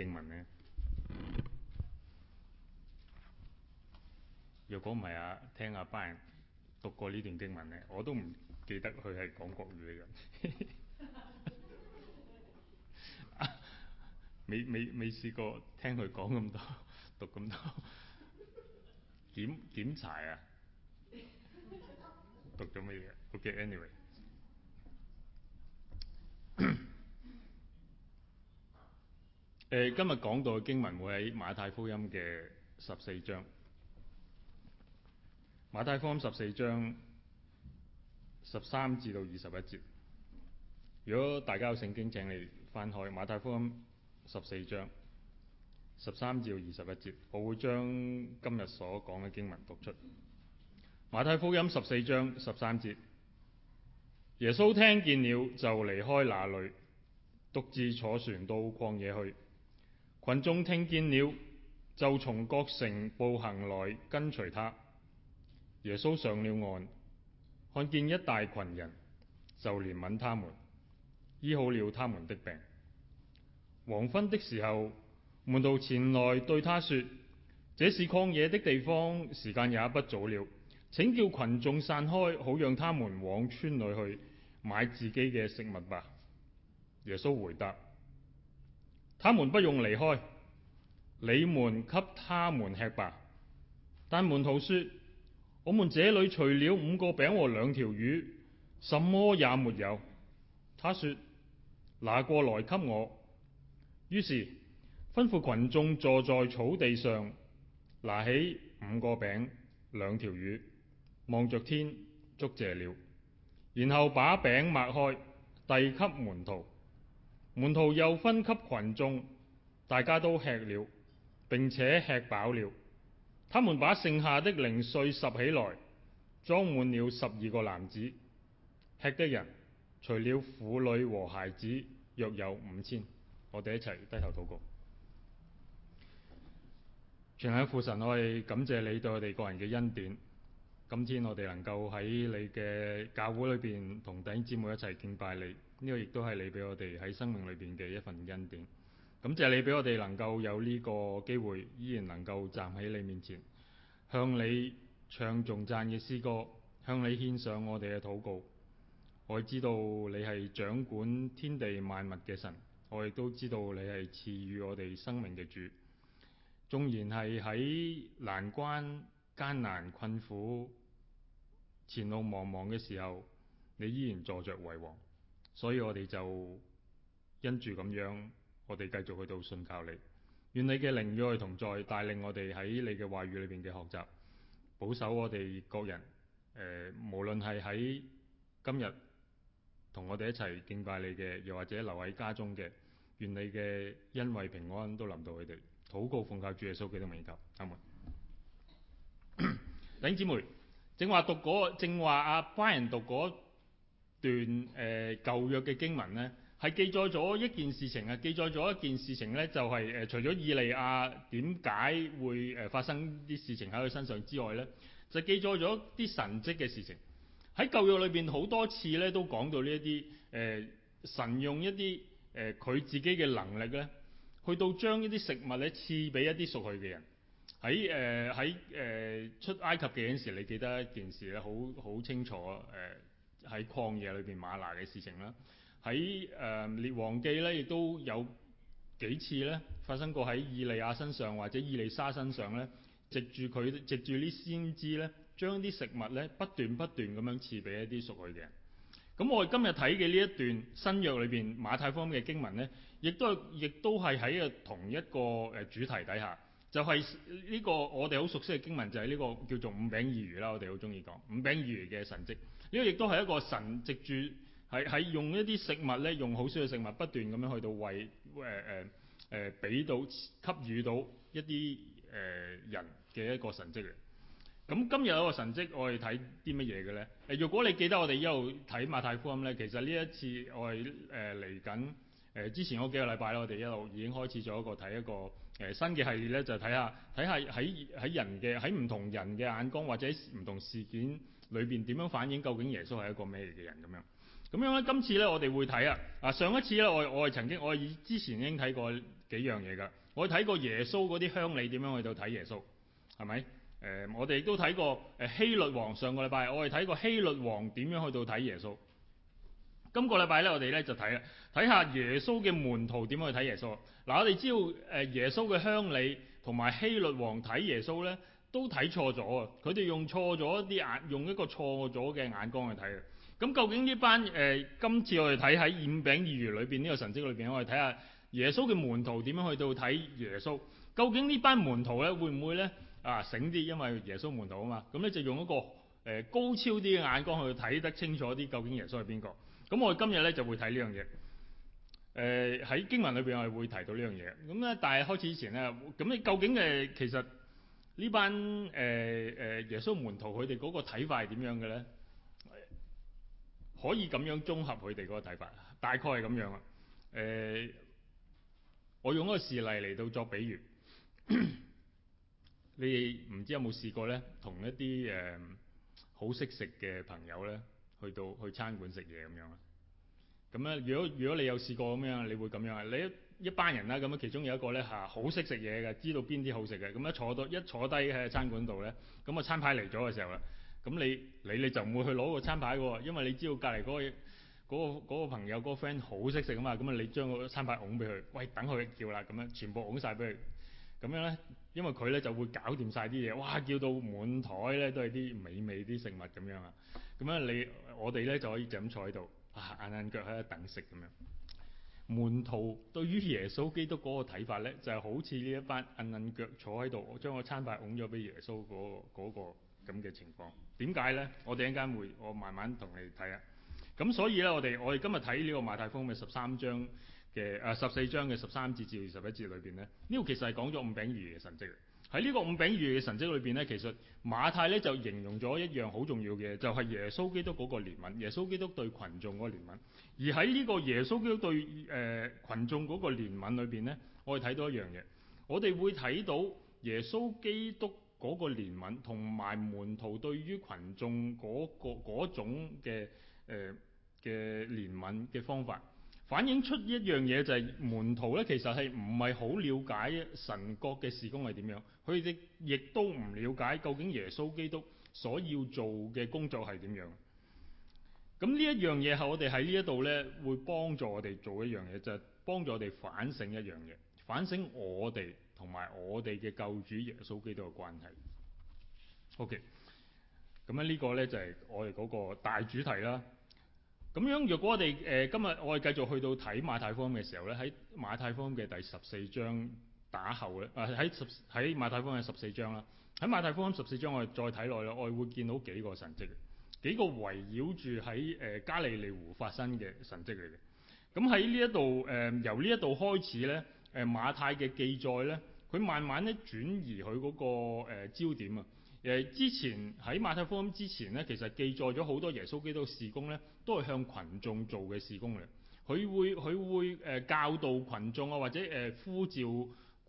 英文呢？如果唔係啊，聽啊班人讀過呢段經文咧，我都唔記得佢係講國語嘅人，未未未試過聽佢講咁多，讀咁多檢檢查啊，讀咗乜嘢？Okay，anyway。誒今日講到嘅經文，會喺馬太福音嘅十四章。馬太福音十四章十三至到二十一節。如果大家有聖經，請你翻開馬太福音十四章十三至二十一節。我會將今日所講嘅經文讀出。馬太福音十四章十三節，耶穌聽見了，就離開那裏，獨自坐船到曠野去。群眾聽見了，就從各城步行來跟隨他。耶穌上了岸，看見一大群人，就憐憫他們，醫好了他們的病。黃昏的時候，門徒前來對他說：這是曠野的地方，時間也不早了，請叫群眾散開，好讓他們往村裏去買自己嘅食物吧。耶穌回答。他們不用離開，你們給他們吃吧。但門徒說：我們這裏除了五個餅和兩條魚，什麼也沒有。他說：拿過來給我。於是吩咐群眾坐在草地上，拿起五個餅兩條魚，望着天，祝謝了，然後把餅擘開，遞給門徒。門徒又分給群眾，大家都吃了，並且吃飽了。他們把剩下的零碎拾起來，裝滿了十二個籃子。吃的人除了婦女和孩子，約有五千。我哋一齊低頭禱告。全能父神，我哋感謝你對我哋個人嘅恩典。今天我哋能夠喺你嘅教會裏面同弟兄姊妹一齊敬拜你，呢個亦都係你俾我哋喺生命裏面嘅一份恩典。感謝你俾我哋能夠有呢個機會，依然能夠站喺你面前，向你唱頌讚嘅詩歌，向你獻上我哋嘅禱告。我知道你係掌管天地萬物嘅神，我亦都知道你係賜予我哋生命嘅主。縱然係喺難關、艱難、困苦，前路茫茫嘅時候，你依然坐着為王，所以我哋就因住咁樣，我哋繼續去到信靠你。願你嘅靈與我同在，帶領我哋喺你嘅話語裏邊嘅學習，保守我哋各人。誒、呃，無論係喺今日同我哋一齊敬拜你嘅，又或者留喺家中嘅，願你嘅恩惠平安都臨到佢哋。禱告奉靠，主耶穌基督名求，阿門。 弟兄姊妹。正話讀嗰，正話阿 Brian 讀嗰段誒舊、呃、約嘅經文咧，係記載咗一件事情啊，記載咗一件事情咧，就係、是、誒、呃、除咗以利亞點解會誒發生啲事情喺佢身上之外咧，就記載咗啲神蹟嘅事情。喺舊約裏邊好多次咧都講到呢一啲誒神用一啲誒佢自己嘅能力咧，去到將一啲食物咧賜俾一啲屬佢嘅人。喺誒喺誒出埃及嘅陣時，你記得一件事咧，好好清楚，誒喺曠野裏邊馬拿嘅事情啦。喺誒、呃、列王記咧，亦都有幾次咧發生過喺以利亞身上或者以利沙身上咧，藉住佢藉住啲先知咧，將啲食物咧不斷不斷咁樣賜俾一啲屬佢嘅人。咁我哋今日睇嘅呢一段新約裏邊馬太福音嘅經文咧，亦都係亦都係喺啊同一個誒主題底下。就係呢個我哋好熟悉嘅經文，就係呢個叫做五餅二魚啦。我哋好中意講五餅二魚嘅神蹟，呢、這個亦都係一個神籍住係喺用一啲食物咧，用好少嘅食物不斷咁樣去到餵誒誒誒，俾、呃呃、到給予到一啲誒、呃、人嘅一個神蹟嘅。咁今日有個神蹟，我哋睇啲乜嘢嘅咧？誒，如果你記得我哋一路睇馬太福音咧，其實呢一次我哋誒嚟緊誒之前嗰幾個禮拜咧，我哋一路已經開始咗一個睇一個。誒新嘅系列咧，就睇下睇下喺喺人嘅喺唔同人嘅眼光，或者唔同事件裏邊點樣反映，究竟耶穌係一個咩嚟嘅人咁樣，咁樣咧？今次咧，我哋會睇啊！嗱，上一次咧，我我係曾經，我以之前已經睇過幾樣嘢噶，我睇過耶穌嗰啲鄉里點樣去到睇耶穌，係咪？誒、呃，我哋亦都睇過誒希律王上個禮拜，我哋睇過希律王點樣去到睇耶穌。今個禮拜咧，我哋咧就睇啦，睇下耶穌嘅門徒點樣去睇耶穌嗱。我哋知道耶穌嘅鄉里同埋希律王睇耶穌咧，都睇錯咗啊！佢哋用錯咗一啲眼，用一個錯咗嘅眼光去睇嘅。咁究竟呢班、呃、今次我哋睇喺五餅二魚裏面呢、呢個神跡裏面，我哋睇下耶穌嘅門徒點樣去到睇耶穌。究竟呢班門徒咧會唔會咧啊醒啲？因為耶穌門徒啊嘛，咁咧就用一個、呃、高超啲嘅眼光去睇得清楚啲，究竟耶穌係邊個？咁我今日咧就會睇呢樣嘢，喺、呃、經文裏邊我係會提到呢樣嘢。咁咧，但係開始以前咧，咁你究竟嘅其實呢班、呃、耶穌門徒佢哋嗰個睇法係點樣嘅咧？可以咁樣綜合佢哋嗰個睇法，大概係咁樣啊、呃。我用一個事例嚟到作比喻， 你唔知有冇試過咧，同一啲、嗯、好識食嘅朋友咧。去到去餐館食嘢咁樣啊，咁咧，如果如果你有試過咁樣，你會咁樣啊？你一,一班人啦，咁樣其中有一個咧好識食嘢嘅，知道邊啲好食嘅，咁一坐到一坐低喺餐館度咧，咁啊餐牌嚟咗嘅時候啦，咁你你你就唔會去攞個餐牌喎，因為你知道隔離嗰個朋友嗰、嗰個 friend 好識食啊嘛，咁啊你將個餐牌拱俾佢，喂，等佢叫啦，咁樣全部拱晒俾佢，咁樣咧。因為佢咧就會搞掂晒啲嘢，哇！叫到滿枱咧都係啲美味啲食物咁樣啊。咁樣你我哋咧就可以就咁坐喺度，啊，硬硬腳喺度等食咁樣。門徒對於耶穌基督嗰個睇法咧，就係、是、好似呢一班硬硬腳坐喺度，我將個餐牌拱咗俾耶穌嗰、嗰個咁嘅、那個、情況。點解咧？我哋一陣間會，我慢慢同你睇啊。咁所以咧，我哋我哋今日睇呢個馬太福音十三章。嘅、啊、十四章嘅十三節至二十一節裏邊呢，呢個其實係講咗五餅二魚嘅神蹟。喺呢個五餅二魚嘅神蹟裏邊呢，其實馬太呢就形容咗一樣好重要嘅，就係、是、耶穌基督 𠮶 個憐憫。耶穌基督對群眾 𠮶 個憐憫，而喺呢個耶穌基督對誒、呃、群眾 𠮶 個憐憫裏邊呢，我哋睇到一樣嘢，我哋會睇到耶穌基督 𠮶 個憐憫同埋門徒對於群眾 𠮶、嗰個嗰種嘅誒嘅憐憫嘅方法。反映出一樣嘢就係、是、門徒咧，其實係唔係好了解神國嘅事工係點樣？佢哋亦都唔了解究竟耶穌基督所要做嘅工作係點樣？咁呢一樣嘢係我哋喺呢一度咧，會幫助我哋做一樣嘢，就係、是、幫助我哋反省一樣嘢，反省我哋同埋我哋嘅救主耶穌基督嘅關係。OK，咁樣呢個咧就係我哋嗰個大主題啦。咁樣，若果我哋誒、呃、今日我哋繼續去到睇馬太福音嘅時候咧，喺馬太福音嘅第十四章打後咧，啊、呃、喺十喺馬太福音嘅十四章啦，喺馬太福音十四章我哋再睇落啦，我哋會見到幾個神跡，幾個圍繞住喺誒加利利湖發生嘅神跡嚟嘅。咁喺呢一度誒由呢一度開始咧，誒馬太嘅記載咧，佢慢慢咧轉移佢嗰、那個、呃、焦點啊。誒、呃、之前喺馬太福音之前咧，其實記載咗好多耶穌基督事工咧。都係向群眾做嘅事工略，佢會佢會誒、呃、教導群眾啊，或者誒、呃、呼召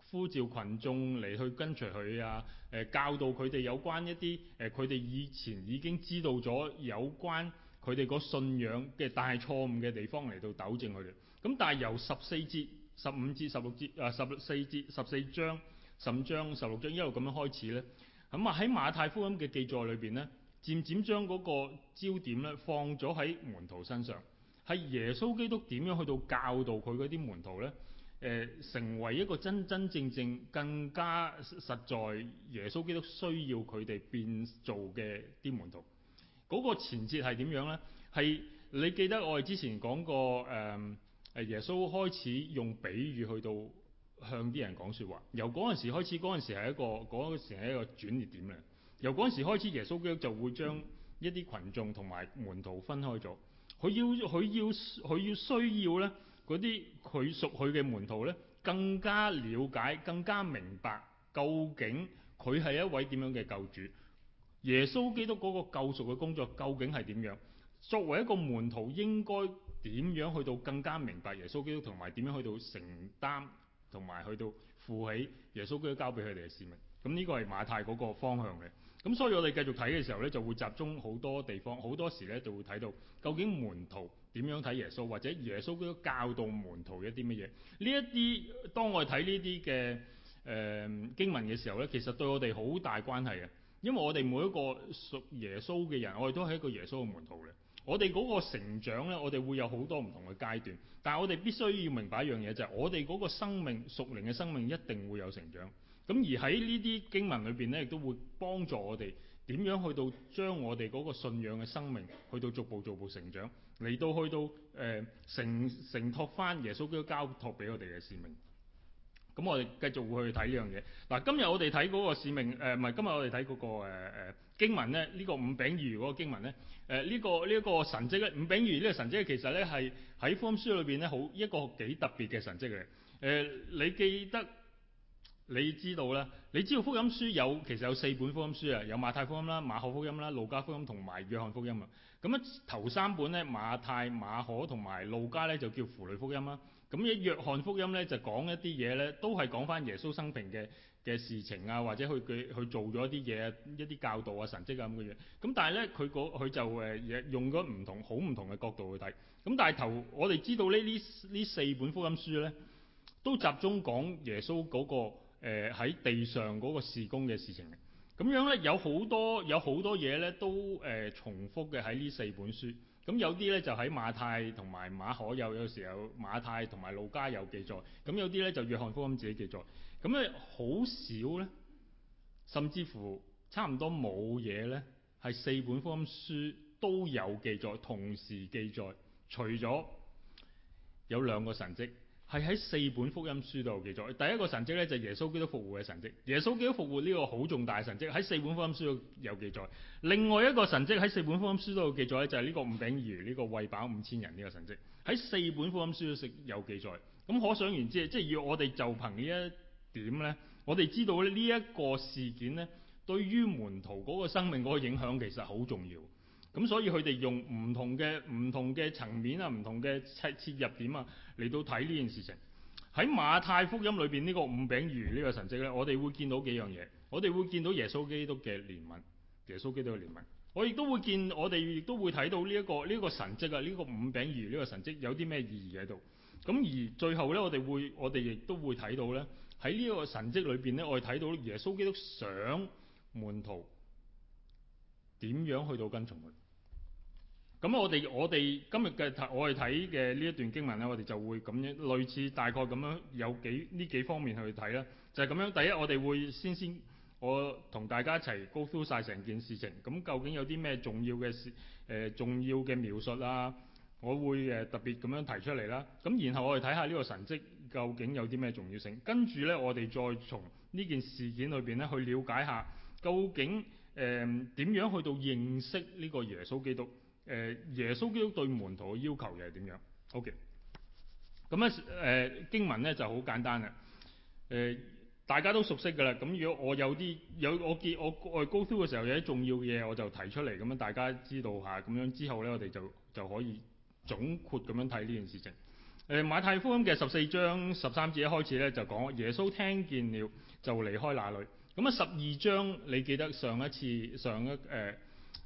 呼召羣眾嚟去跟隨佢啊，誒、呃、教導佢哋有關一啲誒佢哋以前已經知道咗有關佢哋個信仰嘅大錯誤嘅地方嚟到糾正佢哋。咁但係由十四節、十五至十六節啊，十四節、十四、呃、章、十五章、十六章一路咁樣開始咧。咁啊喺馬太福音嘅記載裏邊咧。漸漸將嗰個焦點咧放咗喺門徒身上，係耶穌基督點樣去到教導佢嗰啲門徒呢？呃，成為一個真真正正更加實在耶穌基督需要佢哋變做嘅啲門徒。嗰個前節係點樣呢？係你記得我哋之前講過、嗯、耶穌開始用比喻去到向啲人講說話。由嗰陣時開始，嗰陣時係一個嗰陣時係一個轉捩點。由嗰陣時開始，耶穌基督就會將一啲群眾同埋門徒分開咗。佢要佢要佢要需要咧，嗰啲佢屬佢嘅門徒咧，更加了解、更加明白究竟佢係一位點樣嘅救主。耶穌基督嗰個救贖嘅工作究竟係點樣？作為一個門徒，應該點樣去到更加明白耶穌基督同埋點樣去到承擔同埋去到負起耶穌基督交俾佢哋嘅使命？咁呢個係馬太嗰個方向嘅。咁所以我哋繼續睇嘅時候咧，就會集中好多地方，好多時咧就會睇到究竟門徒點樣睇耶穌，或者耶穌都教導門徒一啲乜嘢？呢一啲當我哋睇呢啲嘅誒經文嘅時候咧，其實對我哋好大關係嘅，因為我哋每一個屬耶穌嘅人，我哋都係一個耶穌嘅門徒嘅。我哋嗰個成長咧，我哋會有好多唔同嘅階段，但係我哋必須要明白一樣嘢，就係我哋嗰個生命屬靈嘅生命一定會有成長。咁而喺呢啲經文裏面咧，亦都會幫助我哋點樣去到將我哋嗰個信仰嘅生命去到逐步逐步成長，嚟到去到誒承承託翻耶穌基督交託俾我哋嘅使命。咁、嗯、我哋繼續會去睇呢樣嘢。嗱，今日我哋睇嗰個使命誒，唔、呃、係今日我哋睇嗰個誒、呃、經文咧，呢、呢個五餅魚嗰個經文咧，呢、呃呢個呢一、呢個神跡咧，五餅魚呢個神跡其實咧係喺福音書裏面咧，好一個幾特別嘅神跡嚟、呃。你記得？你知道咧？你知道福音書有其實有四本福音書啊，有馬太福音啦、馬可福音啦、路加福音同埋約翰福音啊。咁樣頭三本咧，馬太、馬可同埋路加咧就叫符類福音啦。咁一約翰福音咧就講一啲嘢咧，都係講翻耶穌生平嘅嘅事情啊，或者去佢去做咗一啲嘢、一啲教導啊、神蹟啊咁嘅嘢。咁但係咧，佢嗰佢就誒用咗唔同好唔同嘅角度去睇。咁但係頭我哋知道呢呢呢四本福音書咧，都集中講耶穌嗰個，誒喺、呃、地上嗰個事工嘅事情嘅，咁樣咧有好多有好多嘢咧都誒、呃、重複嘅喺呢四本書，咁有啲咧就喺馬太同埋馬可有，有時候有馬太同埋路加有記載，咁有啲咧就約翰福音自己記載，咁咧好少咧，甚至乎差唔多冇嘢咧係四本福音書都有記載，同時記載，除咗有兩個神跡。係喺四本福音書度記載。第一個神跡咧就係耶穌基督復活嘅神跡。耶穌基督復活呢個好重大嘅神跡喺四本福音書度有記載。另外一個神跡喺四本福音書度記載咧就係、是、呢個五餅魚呢個餵飽五千人呢個神跡喺四本福音書度有記載。咁可想而知，即係要我哋就憑呢一點咧，我哋知道咧呢一個事件咧對於門徒嗰個生命嗰個影響其實好重要。咁所以佢哋用唔同嘅唔同嘅層面啊，唔同嘅切入點啊，嚟到睇呢件事情。喺馬太福音裏邊呢個五餅魚呢個神跡咧，我哋會見到幾樣嘢。我哋會見到耶穌基督嘅憐憫，耶穌基督嘅憐憫。我亦都會見，我哋亦都會睇到呢一個呢個神跡啊，呢個五餅魚呢個神跡有啲咩意義喺度？咁而最後咧，我哋會我哋亦都會睇到咧，喺呢個神跡裏邊咧，我哋睇到耶穌基督想門徒點樣去到跟從佢。咁我哋我哋今日嘅我哋睇嘅呢一段經文咧，我哋就會咁樣類似大概咁樣有幾呢幾方面去睇啦。就係、是、咁樣。第一，我哋會先先我同大家一齊 go through 晒成件事情，咁究竟有啲咩重要嘅事、呃？重要嘅描述啊，我會、呃、特別咁樣提出嚟啦。咁然後我哋睇下呢個神跡究竟有啲咩重要性？跟住咧我哋再從呢件事件裏邊咧去了解下究竟誒點、呃、樣去到認識呢個耶穌基督。耶穌基督對門徒嘅要求又係點樣？OK，咁咧誒經文咧就好簡單啦、呃。大家都熟悉噶啦。咁如果我有啲有我見我 go through 嘅時候有啲重要嘢，我就提出嚟，咁樣大家知道下。咁樣之後咧，我哋就就可以總括咁樣睇呢件事情。誒、呃、馬太福音嘅十四章十三節一開始咧，就講耶穌聽見了，就離開那裏。咁啊十二章你記得上一次上一誒？呃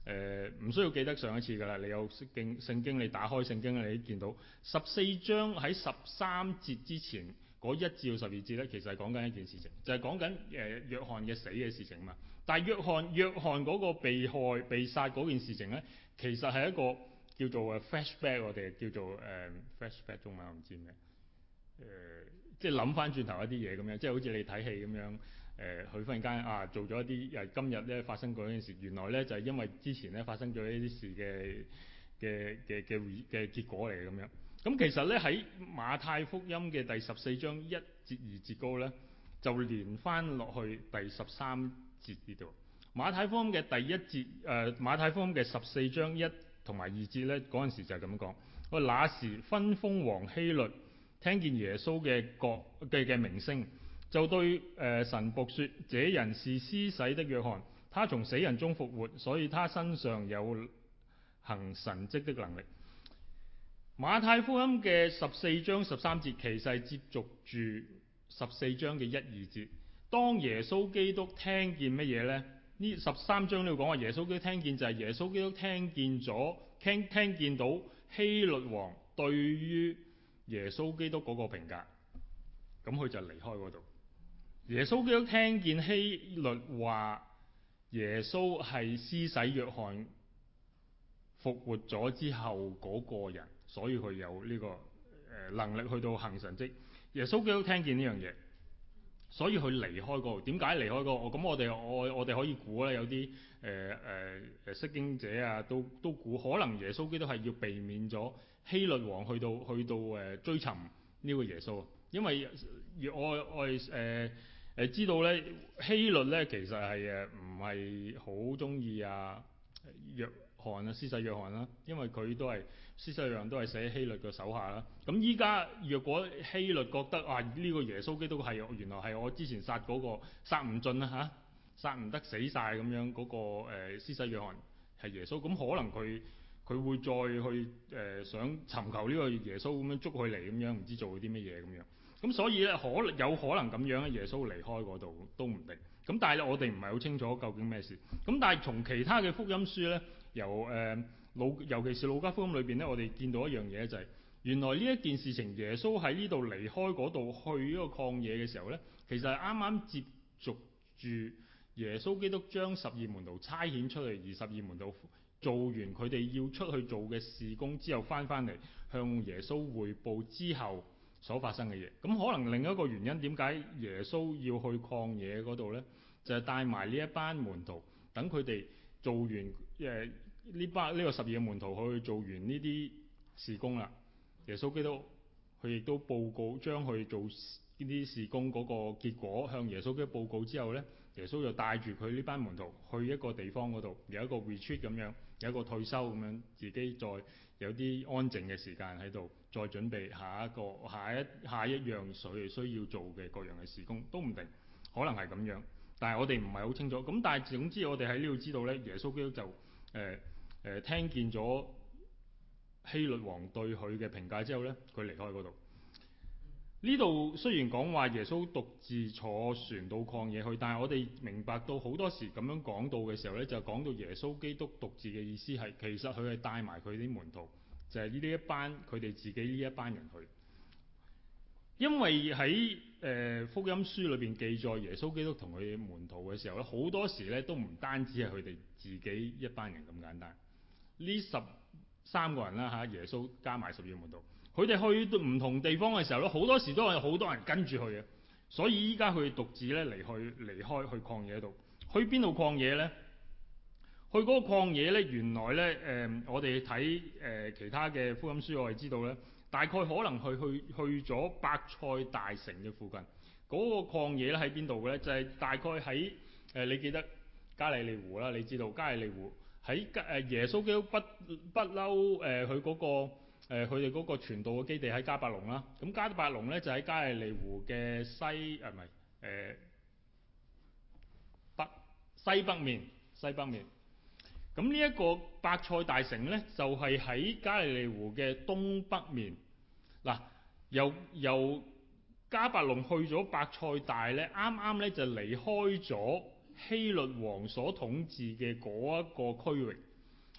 誒唔、呃、需要記得上一次噶啦，你有聖經聖經，你打開聖經，你見到十四章喺十三節之前嗰一至到十二節咧，其實係講緊一件事情，就係、是、講緊、呃、約翰嘅死嘅事情啊嘛。但約翰約翰嗰個被害被殺嗰件事情咧，其實係一個叫做 flashback，我哋叫做、嗯、flashback 中文我唔知咩？即係諗翻轉頭一啲嘢咁樣，即係好似你睇戲咁樣。佢、呃、忽然間啊，做咗一啲誒、啊、今日咧發生過一件事，原來咧就係、是、因為之前咧發生咗呢啲事嘅嘅嘅嘅嘅結果嚟咁樣。咁其實咧喺馬太福音嘅第十四章一節二節高咧，就連翻落去第十三節呢度。馬太福音嘅第一節誒、呃、馬太福音嘅十四章一同埋二節咧，嗰陣時就係咁講。嗰哪時分封王希律，聽見耶穌嘅國嘅嘅名聲。就對神僕說：這人是施洗的約翰，他從死人中復活，所以他身上有行神跡的能力。馬太福音嘅十四章十三節，其實接觸住十四章嘅一二節。當耶穌基督聽見乜嘢呢？呢十三章你要講話，耶穌基督聽見就係耶穌基督聽見咗，聽聽見到希律王對於耶穌基督嗰個評價，咁佢就離開嗰度。耶穌基督聽見希律話耶穌係施洗約翰復活咗之後嗰個人，所以佢有呢個誒能力去到行神蹟。耶穌基督聽見呢樣嘢，所以佢離開嗰度。點解離開嗰度？哦？咁我哋我我哋可以估啦，有啲誒誒誒識經者啊，都都估可能耶穌基督係要避免咗希律王去到去到誒追尋呢個耶穌，因為我我誒。呃誒知道咧，希律咧其實係誒唔係好中意啊約翰啊，施洗約翰啦，因為佢都係施洗約翰都係寫希律嘅手下啦。咁依家若果希律覺得啊，呢、這個耶穌基督係原來係我之前殺嗰、那個殺唔盡啊嚇，殺唔得死晒咁樣嗰個施洗約翰係耶穌，咁可能佢佢會再去誒想尋求呢個耶穌咁樣捉佢嚟咁樣，唔知道做啲乜嘢咁樣。咁所以咧，可有可能咁樣咧？耶穌離開嗰度都唔定。咁但係咧，我哋唔係好清楚究竟咩事。咁但係從其他嘅福音書咧，由老、呃，尤其是《路加福音》裏面咧，我哋見到一樣嘢就係、是，原來呢一件事情，耶穌喺呢度離開嗰度去呢個曠野嘅時候咧，其實係啱啱接續住耶穌基督將十二門徒差遣出去，而十二門徒做完佢哋要出去做嘅事工之後，翻翻嚟向耶穌彙報之後。所發生嘅嘢，咁可能另一個原因點解耶穌要去曠野嗰度呢？就係帶埋呢一班門徒，等佢哋做完誒呢班呢個十二的門徒去做完呢啲事工啦。耶穌基督佢亦都報告將佢做呢啲事工嗰個結果向耶穌基督報告之後呢，耶穌就帶住佢呢班門徒去一個地方嗰度，有一個 retreat 咁樣，有一個退休咁樣，自己再有啲安靜嘅時間喺度。再準備下一個下一下一樣水需要做嘅各樣嘅事工都唔定，可能係咁樣。但係我哋唔係好清楚。咁但係總之我哋喺呢度知道呢，耶穌基督就誒誒、呃呃、聽見咗希律王對佢嘅評價之後呢，佢離開嗰度。呢度雖然講話耶穌獨自坐船到曠野去，但係我哋明白到好多時咁樣講到嘅時候呢，就講到耶穌基督獨自嘅意思係其實佢係帶埋佢啲門徒。就係呢啲一班佢哋自己呢一班人去，因為喺誒、呃、福音書裏邊記載耶穌基督同佢門徒嘅時候咧，好多時咧都唔單止係佢哋自己一班人咁簡單。呢十三個人啦吓，耶穌加埋十二個門徒，佢哋去到唔同地方嘅時候咧，好多時都係好多人跟住去嘅。所以依家佢獨自咧離去離開去曠野度，去邊度曠野咧？去嗰個曠野咧，原來咧、呃，我哋睇、呃、其他嘅福音書，我係知道咧，大概可能去去去咗伯賽大城嘅附近。嗰、那個曠野咧喺邊度嘅咧？就係、是、大概喺、呃、你記得加利利湖啦。你知道加利利湖喺耶穌基督不不嬲佢嗰個佢哋嗰個傳道嘅基地喺迦百農啦。咁迦百農咧就喺加利利湖嘅西唔係、啊呃、北西北面，西北面。咁呢一個白菜大城呢，就係、是、喺加利利湖嘅東北面。嗱、啊，由由迦百農去咗伯賽大呢，啱啱呢就離開咗希律王所統治嘅嗰一個區域，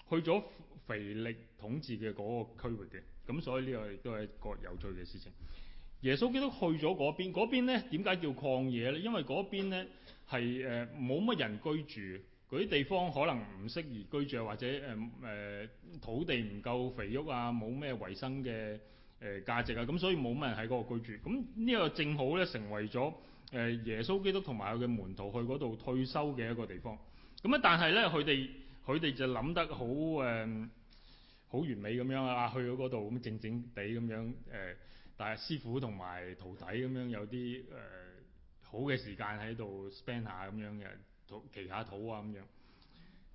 去咗腓力統治嘅嗰個區域嘅。咁所以呢個亦都係一個有趣嘅事情。耶穌基督去咗嗰邊，嗰邊呢點解叫曠野呢？因為嗰邊呢係冇乜人居住。嗰啲地方可能唔適宜居住，或者、呃、土地唔夠肥沃啊，冇咩維生嘅價、呃、值啊，咁所以冇乜人喺嗰度居住。咁呢個正好咧，成為咗、呃、耶穌基督同埋佢嘅門徒去嗰度退休嘅一個地方。咁啊、呃呃，但係咧，佢哋佢哋就諗得好誒好完美咁樣啊，去到嗰度咁靜靜地咁樣誒，但係師傅同埋徒弟咁樣，有啲誒、呃、好嘅時間喺度 spend 下咁樣嘅。旗下土啊咁樣，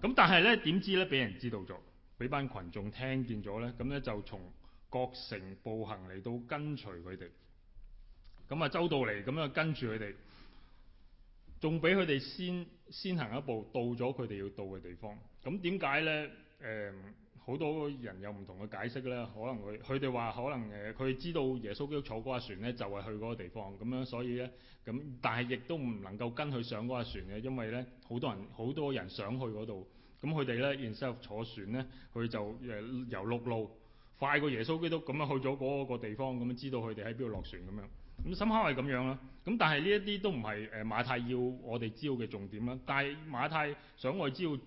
咁但係咧，點知咧，俾人知道咗，俾班群眾聽見咗咧，咁咧就從各城步行嚟，到跟隨佢哋，咁啊周到嚟，咁樣跟住佢哋，仲俾佢哋先先行一步，到咗佢哋要到嘅地方。咁點解咧？誒、嗯。好多人有唔同嘅解釋咧，可能佢佢哋話可能誒，佢知道耶穌基督坐嗰架船咧，就係去嗰個地方咁樣，所以咧咁，但係亦都唔能夠跟佢上嗰架船嘅，因為咧好多人好多人想去嗰度，咁佢哋咧，instead of 坐船咧，佢就誒由陸路快過耶穌基督咁樣去咗嗰個地方，咁樣知道佢哋喺邊度落船咁樣，咁深刻係咁樣啦，咁但係呢一啲都唔係誒馬太要我哋知道嘅重點啦，但係馬太想我哋知呢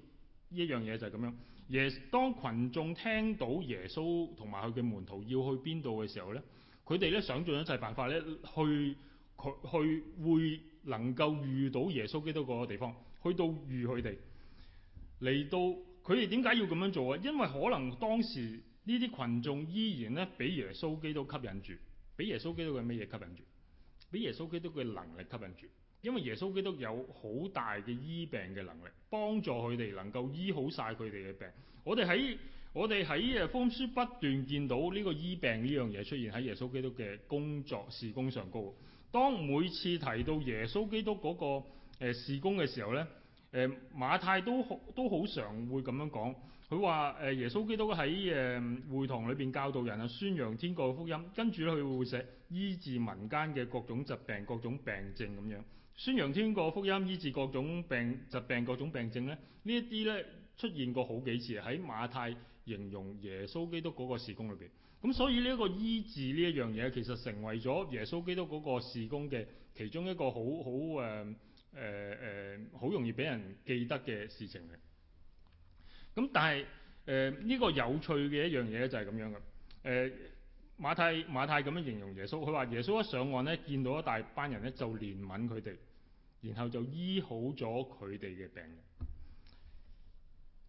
一樣嘢就係咁樣。耶！當羣眾聽到耶穌同埋佢嘅門徒要去邊度嘅時候，呢佢哋咧想盡一切辦法咧去佢去會能夠遇到耶穌基督個地方，去到遇佢哋，嚟到佢哋點解要咁樣做啊？因為可能當時呢啲群眾依然咧俾耶穌基督吸引住，俾耶穌基督嘅乜嘢吸引住，俾耶穌基督嘅能力吸引住。因為耶穌基督有好大嘅醫病嘅能力，幫助佢哋能夠醫好晒佢哋嘅病。我哋喺我哋喺誒福音書不斷見到呢個醫病呢樣嘢出現喺耶穌基督嘅工作事工上高。當每次提到耶穌基督嗰個誒事工嘅時候咧，誒馬太都好都好常會咁樣講。佢話誒耶穌基督喺誒會堂裏邊教導人啊，宣揚天國嘅福音，跟住咧佢會寫醫治民間嘅各種疾病、各種病症咁樣。孫楊天個福音醫治各種病、疾病各種病症咧，呢一啲咧出現過好幾次喺馬太形容耶穌基督嗰個事工裏邊。咁所以呢一個醫治呢一樣嘢，其實成為咗耶穌基督嗰個事工嘅其中一個好好誒誒誒好容易俾人記得嘅事情嚟。咁但係誒呢個有趣嘅一樣嘢咧就係咁樣嘅。誒、呃。馬太馬太咁樣形容耶穌，佢話耶穌一上岸咧，見到一大班人咧，就憐憫佢哋，然後就醫好咗佢哋嘅病人。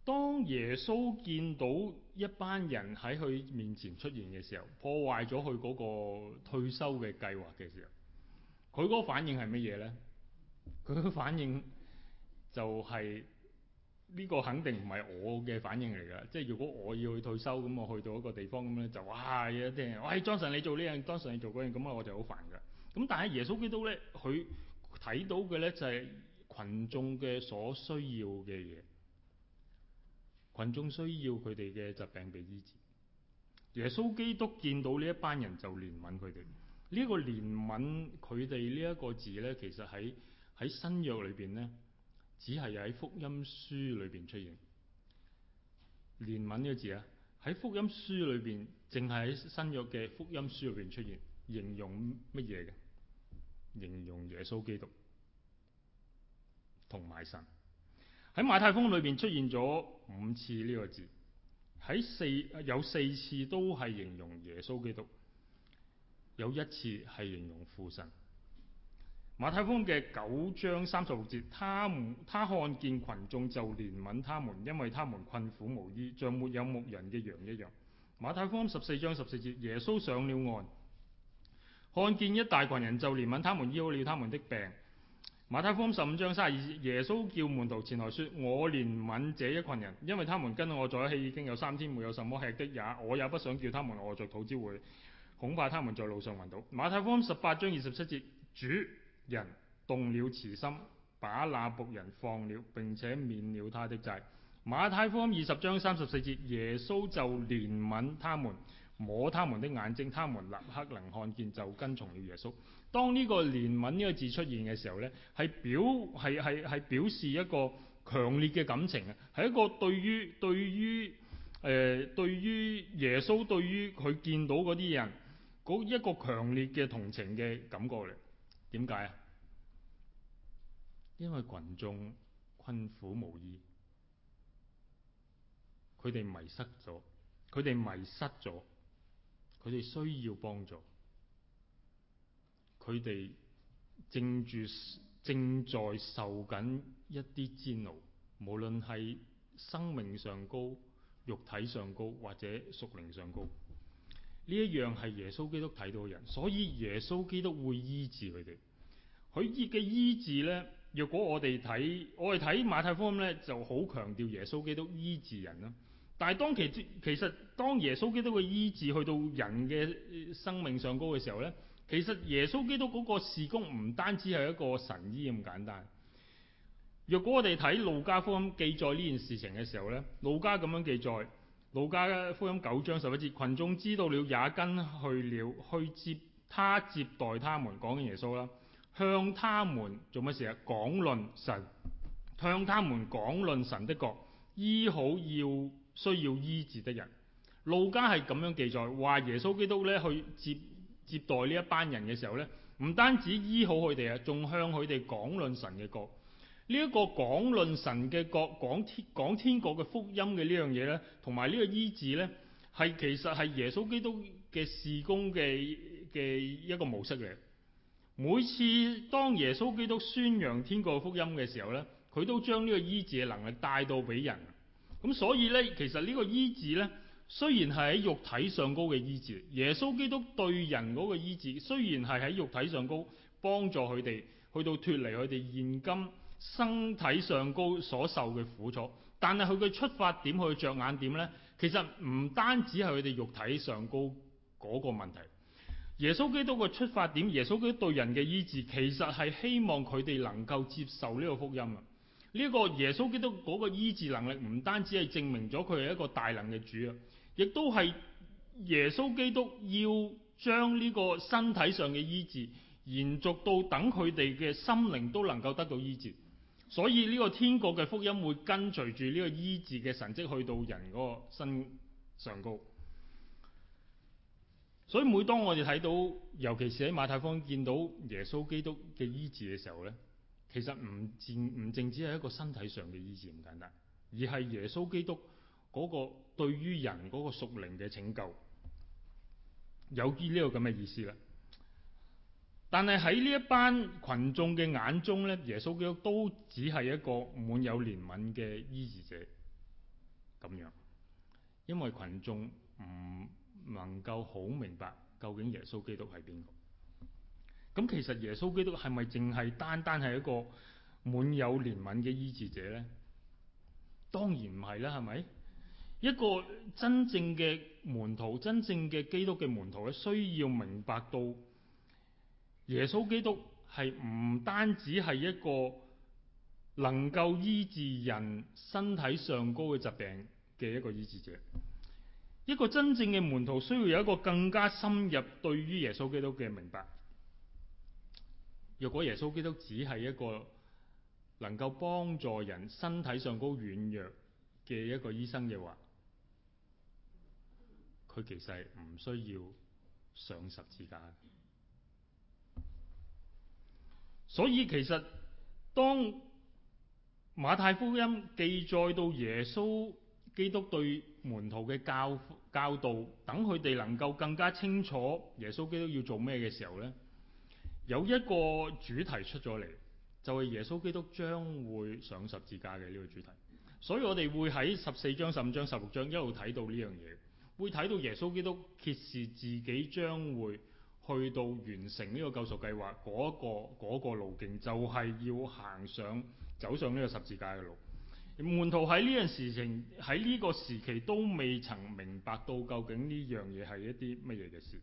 當耶穌見到一班人喺佢面前出現嘅時候，破壞咗佢嗰個退休嘅計劃嘅時候，佢個反應係乜嘢咧？佢個反應就係、是。呢個肯定唔係我嘅反應嚟㗎，即係如果我要去退休咁，我去到一個地方咁咧，就哇有啲人，喂，莊臣你做呢樣，莊臣你做嗰樣，咁我就好煩㗎。咁但係耶穌基督咧，佢睇到嘅咧就係群眾嘅所需要嘅嘢，群眾需要佢哋嘅疾病被醫治。耶穌基督見到呢一班人就憐憫佢哋，呢個憐憫佢哋呢一個字咧，其實喺喺新約裏邊咧。只係喺福音書裏邊出現，憐憫呢個字啊，喺福音書裏邊，淨係喺新約嘅福音書裏邊出現，形容乜嘢嘅？形容耶穌基督同埋神。喺馬太福音裏邊出現咗五次呢個字，喺四有四次都係形容耶穌基督，有一次係形容父神。馬太福音嘅九章三十六節，他們他看見群眾就憐憫他們，因為他們困苦無依，像沒有牧人嘅羊一樣。馬太福音十四章十四節，耶穌上了岸，看見一大群人就憐憫他們，醫好了他們的病。馬太福音十五章三十二節，耶穌叫門徒前來說我憐憫這一群人，因為他們跟我在一起已經有三天，沒有什麼吃的也，我也不想叫他們餓著肚子回去，恐怕他們在路上暈倒。馬太福音十八章二十七節，主人動了慈心，把那僕人放了，並且免了他的債。馬太福音二十章三十四節，耶穌就憐憫他們，摸他們的眼睛，他們立刻能看見，就跟從了耶穌。當呢個憐憫呢個字出現嘅時候呢，係表係係係表示一個強烈嘅感情啊，係一個對於對於誒、呃、對於耶穌對於佢見到嗰啲人一個強烈嘅同情嘅感覺嚟。點解啊？因為群眾困苦無依，佢哋迷失咗佢哋迷失咗，佢哋需要幫助，佢哋正在正在受緊一啲煎熬，無論係生命上高、肉體上高或者屬靈上高。呢一樣係耶穌基督睇到嘅人，所以耶穌基督會醫治佢哋。佢醫嘅醫治咧，若果我哋睇，我哋睇馬太福音咧，就好強調耶穌基督醫治人啦。但係當其其實當耶穌基督嘅醫治去到人嘅生命上高嘅時候咧，其實耶穌基督嗰個事工唔單止係一個神醫咁簡單。若果我哋睇路加福音記載呢件事情嘅時候咧，路加咁樣記載。路加福音九章十一節，群眾知道了也跟去了，去接他接待他們，講耶穌啦，向他們做乜事啊？講論神，向他們講論神的國，醫好要需要醫治的人。路加係咁樣記載，話耶穌基督咧去接接待呢一班人嘅時候咧，唔單止醫好佢哋啊，仲向佢哋講論神嘅國。呢一個講論神嘅國，講天講天國嘅福音嘅呢樣嘢咧，同埋呢個醫治咧，係其實係耶穌基督嘅事工嘅嘅一個模式嘅。每次當耶穌基督宣揚天國嘅福音嘅時候咧，佢都將呢個醫治嘅能力帶到俾人。咁所以咧，其實呢個醫治咧，雖然係喺肉體上高嘅醫治，耶穌基督對人嗰個醫治雖然係喺肉體上高幫助佢哋去到脱離佢哋現今。身體上高所受嘅苦楚，但係佢嘅出發點，佢嘅着眼點呢，其實唔單止係佢哋肉體上高嗰個問題。耶穌基督嘅出發點，耶穌基督對人嘅醫治，其實係希望佢哋能夠接受呢個福音啊！呢個耶穌基督嗰個醫治能力唔單止係證明咗佢係一個大能嘅主啊，亦都係耶穌基督要將呢個身體上嘅醫治延續到等佢哋嘅心靈都能夠得到醫治。所以呢個天國嘅福音會跟隨住呢個醫治嘅神蹟去到人嗰個身上高。所以每當我哋睇到，尤其是喺馬太方見到耶穌基督嘅醫治嘅時候咧，其實唔止唔淨止係一個身體上嘅醫治唔簡單，而係耶穌基督嗰個對於人嗰個屬靈嘅拯救，有依呢個噉嘅意思啦。但係喺呢一班群眾嘅眼中咧，耶穌基督都只係一個滿有憐憫嘅醫治者咁樣，因為群眾唔能夠好明白究竟耶穌基督係邊個。咁其實耶穌基督係咪淨係單單係一個滿有憐憫嘅醫治者呢？當然唔係啦，係咪？一個真正嘅門徒，真正嘅基督嘅門徒咧，需要明白到。耶穌基督係唔單止係一個能夠醫治人身體上高嘅疾病嘅一個醫治者，一個真正嘅門徒需要有一個更加深入對於耶穌基督嘅明白。若果耶穌基督只係一個能夠幫助人身體上高軟弱嘅一個醫生嘅話，佢其實唔需要上十字架。所以其實，當馬太福音記載到耶穌基督對門徒嘅教教導，等佢哋能夠更加清楚耶穌基督要做咩嘅時候呢，有一個主題出咗嚟，就係耶穌基督將會上十字架嘅呢個主題。所以我哋會喺十四章、十五章、十六章一路睇到呢樣嘢，會睇到耶穌基督揭示自己將會去到完成呢個救贖計劃嗰個嗰個路徑就係要行上走上，呢個十字架嘅路。門徒喺呢件事情喺呢個時期都未曾明白到究竟呢樣嘢係一啲乜嘢嘅事，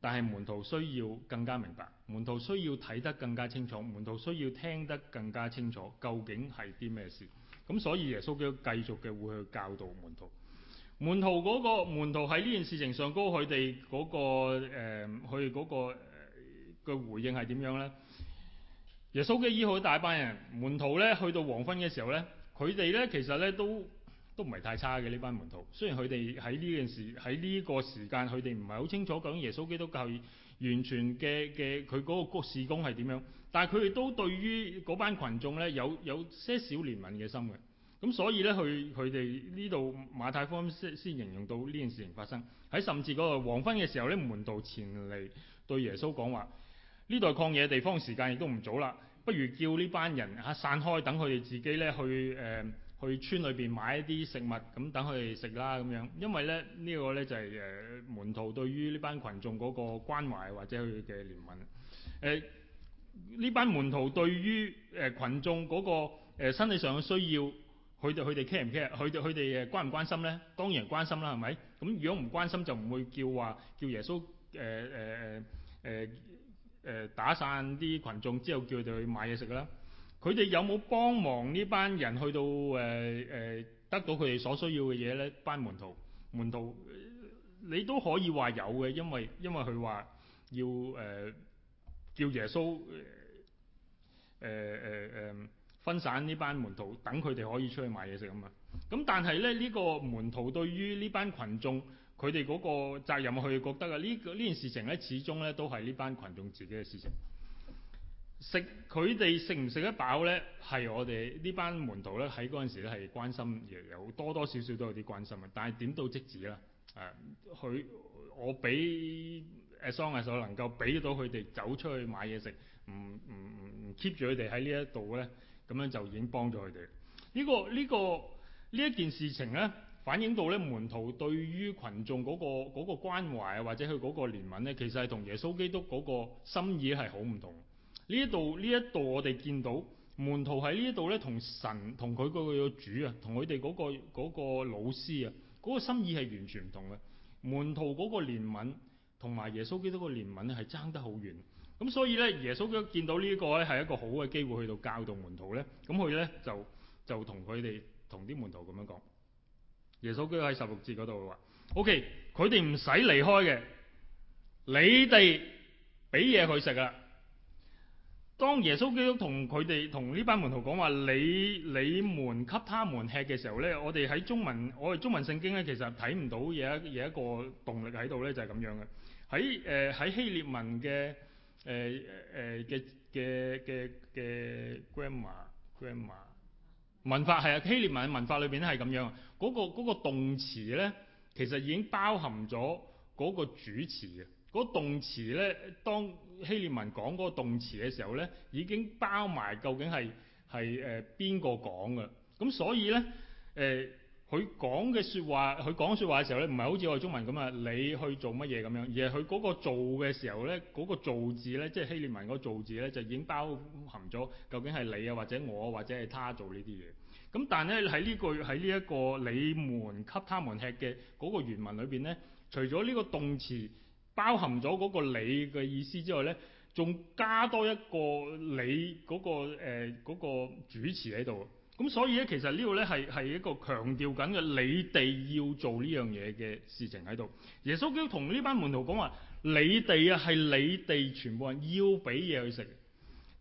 但係門徒需要更加明白，門徒需要睇得更加清楚，門徒需要聽得更加清楚，究竟係啲咩事？咁所以耶穌基督繼續嘅會去教導門徒。門徒嗰、那個門徒喺呢件事情上高佢哋嗰個誒，佢、呃、嗰、那個嘅、呃那個呃、回應係點樣咧？耶穌基督醫好大班人，門徒咧去到黃昏嘅時候咧，佢哋咧其實咧都都唔係太差嘅呢班門徒。雖然佢哋喺呢件事喺呢個時間，佢哋唔係好清楚究竟耶穌基督教完全嘅嘅佢嗰個事工係點樣，但係佢哋都對於嗰班群眾咧有有些少憐憫嘅心嘅。咁所以咧，佢佢哋呢度馬太福音先先形容到呢件事情發生喺甚至嗰個黃昏嘅時候咧，門徒前嚟對耶穌講話：呢代曠野的地方，時間亦都唔早啦，不如叫呢班人嚇散開，等佢哋自己咧去誒、呃、去村裏邊買一啲食物，咁等佢哋食啦咁樣。因為咧呢、這個咧就係、是、誒、呃、門徒對於呢班群眾嗰個關懷或者佢嘅憐憫，誒呢班門徒對於誒羣眾嗰個、呃、身體上嘅需要。佢哋佢哋 care 唔 care？佢哋佢哋誒關唔關心咧？當然關心啦，係咪？咁如果唔關心就唔會叫話叫耶穌誒誒誒誒誒打散啲群眾之後叫佢哋去買嘢食㗎啦。佢哋有冇幫忙呢班人去到誒誒、呃、得到佢哋所需要嘅嘢咧？班門徒門徒你都可以話有嘅，因為因為佢話要誒、呃、叫耶穌誒誒誒。呃呃呃分散呢班門徒，等佢哋可以出去買嘢食咁啊。咁但係咧，呢個門徒對於呢班群眾，佢哋嗰個責任，佢哋覺得啊，呢呢件事情咧，始終咧都係呢班群眾自己嘅事情。食佢哋食唔食得飽咧，係我哋呢班門徒咧喺嗰陣時咧係關心，有多多少少都有啲關心嘅。但係點到即止啦。誒、啊，佢我俾誒桑尼所能夠俾到佢哋走出去買嘢食，唔唔唔 keep 住佢哋喺呢一度咧。咁樣就已經幫咗佢哋。呢個呢個呢一件事情咧，反映到咧門徒對於群眾嗰個嗰個關懷啊，或者佢嗰個憐憫咧，其實係同耶穌基督嗰個心意係好唔同。呢一度呢一度我哋見到門徒喺呢一度咧，同神同佢嗰個主啊，同佢哋嗰個嗰個老師啊，嗰個心意係完全唔同嘅。門徒嗰個憐憫同埋耶穌基督個憐憫咧，係爭得好遠。咁所以咧，耶穌基督見到呢個咧係一個好嘅機會去到教導門徒咧，咁佢咧就就同佢哋同啲門徒咁樣講，耶穌基督喺十六節嗰度話：，O.K.，佢哋唔使離開嘅，你哋俾嘢佢食呀。當耶穌基督同佢哋同呢班門徒講話：，你你們給他們吃嘅時候咧，我哋喺中文我哋中文聖經咧，其實睇唔到有一有一個動力喺度咧，就係咁樣嘅。喺誒喺希臘文嘅。誒誒嘅嘅嘅嘅 grandma grandma 文法係啊希臘文嘅文法裏邊係咁樣，嗰個嗰個動詞咧，其實已經包含咗嗰個主詞嘅，嗰動詞咧，當希臘文講嗰個動詞嘅時候咧，已經包埋究竟係係誒邊個講嘅，咁所以咧誒。佢講嘅說話，佢講說話嘅時候咧，唔係好似我哋中文咁啊，你去做乜嘢咁樣，而係佢嗰個做嘅時候咧，嗰、那個做字咧，即、就、係、是、希臘文嗰個做字咧，就已經包含咗究竟係你啊，或者我，或者係他做呢啲嘢。咁但係咧喺呢個喺呢一個你們給他們吃嘅嗰個原文裏邊咧，除咗呢個動詞包含咗嗰個你嘅意思之外咧，仲加多一個你嗰、那個嗰、呃那個、主詞喺度。咁所以咧，其實呢個咧係係一個強調緊嘅，你哋要做呢樣嘢嘅事情喺度。耶穌基督同呢班門徒講話：你哋啊，係你哋全部人要俾嘢去食。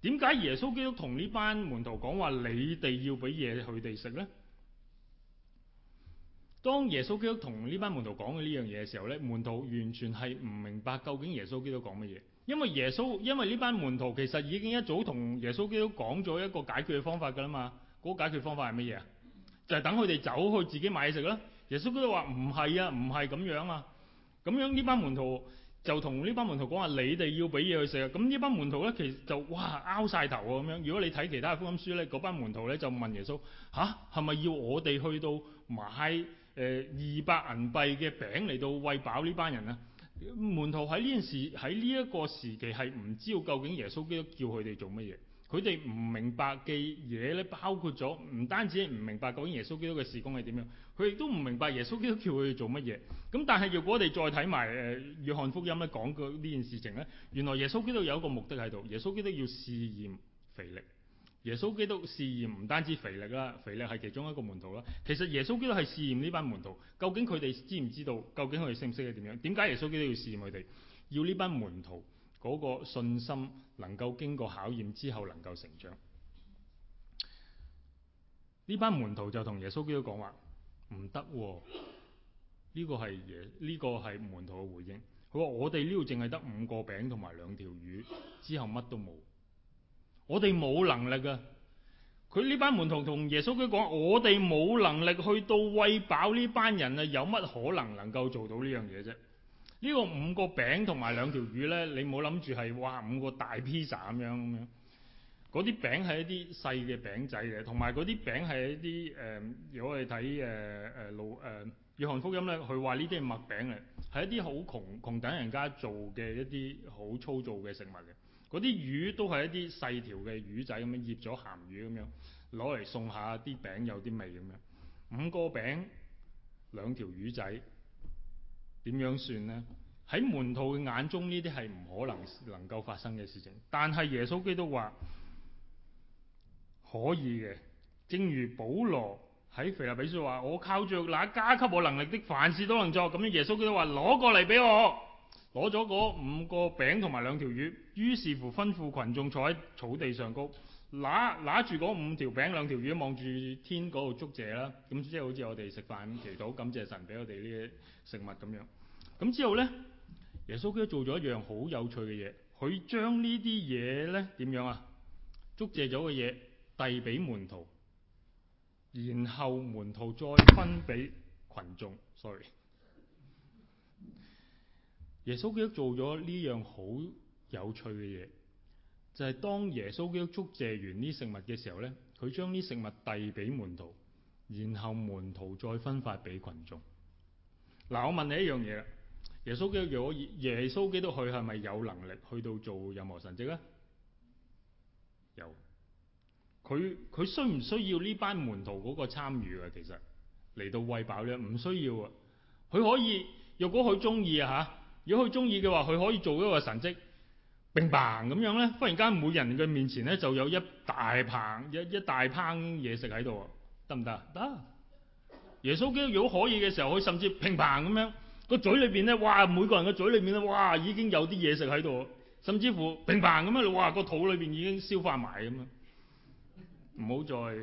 點解耶穌基督同呢班門徒講話你哋要俾嘢佢哋食咧？當耶穌基督同呢班門徒講嘅呢樣嘢嘅時候咧，門徒完全係唔明白究竟耶穌基督講乜嘢，因為耶穌因為呢班門徒其實已經一早同耶穌基督講咗一個解決嘅方法㗎啦嘛。嗰個解決方法係乜嘢啊？就係等佢哋走去自己買嘢食啦。耶穌基督話唔係啊，唔係咁樣啊。咁樣呢班門徒就同呢班門徒講話：你哋要俾嘢佢食啊。咁呢班門徒咧，其實就哇拗曬頭喎咁樣。如果你睇其他福音書咧，嗰班門徒咧就問耶穌：吓？係咪要我哋去到買誒二百銀幣嘅餅嚟到餵飽呢班人啊？門徒喺呢時喺呢一個時期係唔知道究竟耶穌基督叫佢哋做乜嘢。佢哋唔明白嘅嘢咧，包括咗唔單止唔明白究竟耶穌基督嘅事工係點樣，佢亦都唔明白耶穌基督叫佢哋做乜嘢。咁但係，若果我哋再睇埋誒《約翰福音》咧，講過呢件事情咧，原來耶穌基督有一個目的喺度，耶穌基督要試驗腓力。耶穌基督試驗唔單止腓力啦，腓力係其中一個門徒啦。其實耶穌基督係試驗呢班門徒，究竟佢哋知唔知道，究竟佢哋識唔識係點樣？點解耶穌基督要試驗佢哋？要呢班門徒嗰個信心。能夠經過考驗之後能夠成長，呢班門徒就同耶穌基督講話唔得，呢個係嘢，呢個係門徒嘅回應。佢話我哋呢度淨係得五個餅同埋兩條魚，之後乜都冇，我哋冇能力啊！佢呢班門徒同耶穌基督講，我哋冇能力去到餵飽呢班人啊，有乜可能能夠做到呢樣嘢啫？呢個五個餅同埋兩條魚咧，你冇諗住係哇五個大披 i z 咁樣咁樣。嗰啲餅係一啲細嘅餅仔嘅，同埋嗰啲餅係一啲、呃、如果我哋睇誒誒路誒《約、呃、翰、呃、福音》咧，佢話呢啲係麥餅嚟，係一啲好窮窮等人家做嘅一啲好粗糙嘅食物嘅。嗰啲魚都係一啲細條嘅魚仔咁樣醃咗鹹魚咁樣攞嚟送下啲餅，有啲味咁樣。五個餅兩條魚仔點樣算咧？喺門徒嘅眼中，呢啲係唔可能能夠發生嘅事情。但係耶穌基督話可以嘅，正如保羅喺腓立比書話：我靠著那加給我能力的，凡事都能做。」咁樣耶穌基督話攞過嚟俾我，攞咗嗰五個餅同埋兩條魚。於是乎吩咐群眾坐喺草地上高，揦揦住嗰五條餅兩條魚，望住天嗰度祝謝啦。咁即係好似我哋食飯咁，其實好感謝神俾我哋呢啲食物咁樣。咁之後呢。耶穌基督做咗一樣好有趣嘅嘢，佢將呢啲嘢呢點樣啊？祝謝咗嘅嘢遞俾門徒，然後門徒再分俾群眾。Sorry，耶穌基督做咗呢樣好有趣嘅嘢，就係、是、當耶穌基督祝謝完呢食物嘅時候呢，佢將呢食物遞俾門徒，然後門徒再分發俾群眾。嗱，我問你一樣嘢。耶穌基督如果可以，耶穌基督佢係咪有能力去到做任何神蹟咧？有，佢佢需唔需要呢班門徒嗰個參與啊？其實嚟到餵飽咧，唔需要啊。佢可以，若果佢中意啊吓，如果佢中意嘅話，佢可以做一個神蹟，砰砰咁樣咧，忽然間每人嘅面前咧就有一大棚一一大棚嘢食喺度啊，得唔得？得。耶穌基督如果可以嘅時候，佢甚至砰棒咁樣。個嘴裏邊咧，哇！每個人嘅嘴裏邊咧，哇！已經有啲嘢食喺度，甚至乎平凡咁樣。哇！個肚裏邊已經消化埋咁樣，唔好再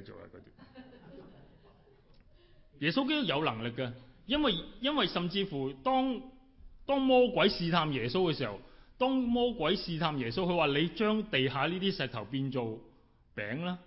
繼續啦。嗰啲 耶穌基督有能力嘅，因為因為甚至乎當當魔鬼試探耶穌嘅時候，當魔鬼試探耶穌，佢話你將地下呢啲石頭變做餅啦。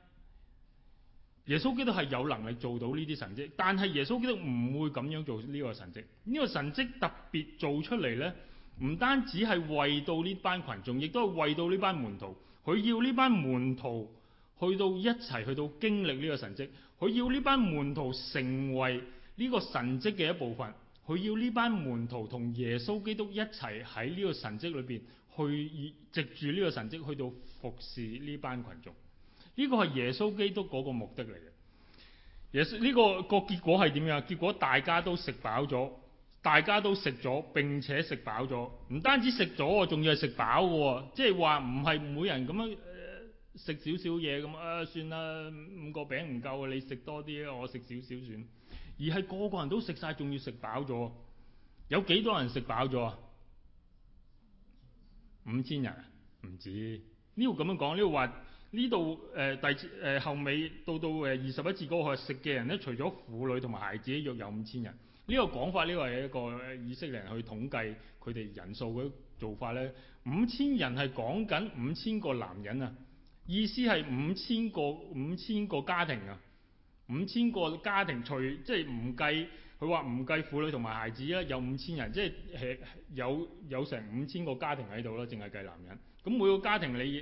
耶穌基督係有能力做到呢啲神迹，但係耶穌基督唔會咁樣做呢個神迹，呢、呢個神迹特別做出嚟呢，唔單止係為到呢班群眾，亦都係為到呢班門徒。佢要呢班門徒去到一齊去到經歷呢個神迹，佢要呢班門徒成為呢個神迹嘅一部分，佢要呢班門徒同耶穌基督一齊喺呢個神迹裏邊去藉住呢個神迹去到服侍呢班群眾。呢個係耶穌基督嗰個目的嚟嘅。耶穌呢、呢個、呢個結果係點樣？結果大家都食飽咗，大家都食咗並且食飽咗。唔單止食咗，仲要係食飽嘅。即係話唔係每人咁樣食少少嘢咁啊，算啦，五個餅唔夠啊，你食多啲，我食少少算。而係個個人都食晒，仲要食飽咗。有幾多人食飽咗啊？五千人唔止。呢度咁樣講，呢度話。呃呃呃那個、呢度誒第誒後尾到到誒二十一節嗰個去食嘅人咧，除咗婦女同埋孩子，約有五千人。呢、呢個講法,、這個、法呢個係一個以色列人去統計佢哋人數嘅做法咧。五千人係講緊五千個男人啊，意思係五千個五千個家庭啊，五千個家庭除即係唔計，佢話唔計婦女同埋孩子啊，有五千人，即係係有有成五千個家庭喺度啦，淨係計男人。咁每個家庭你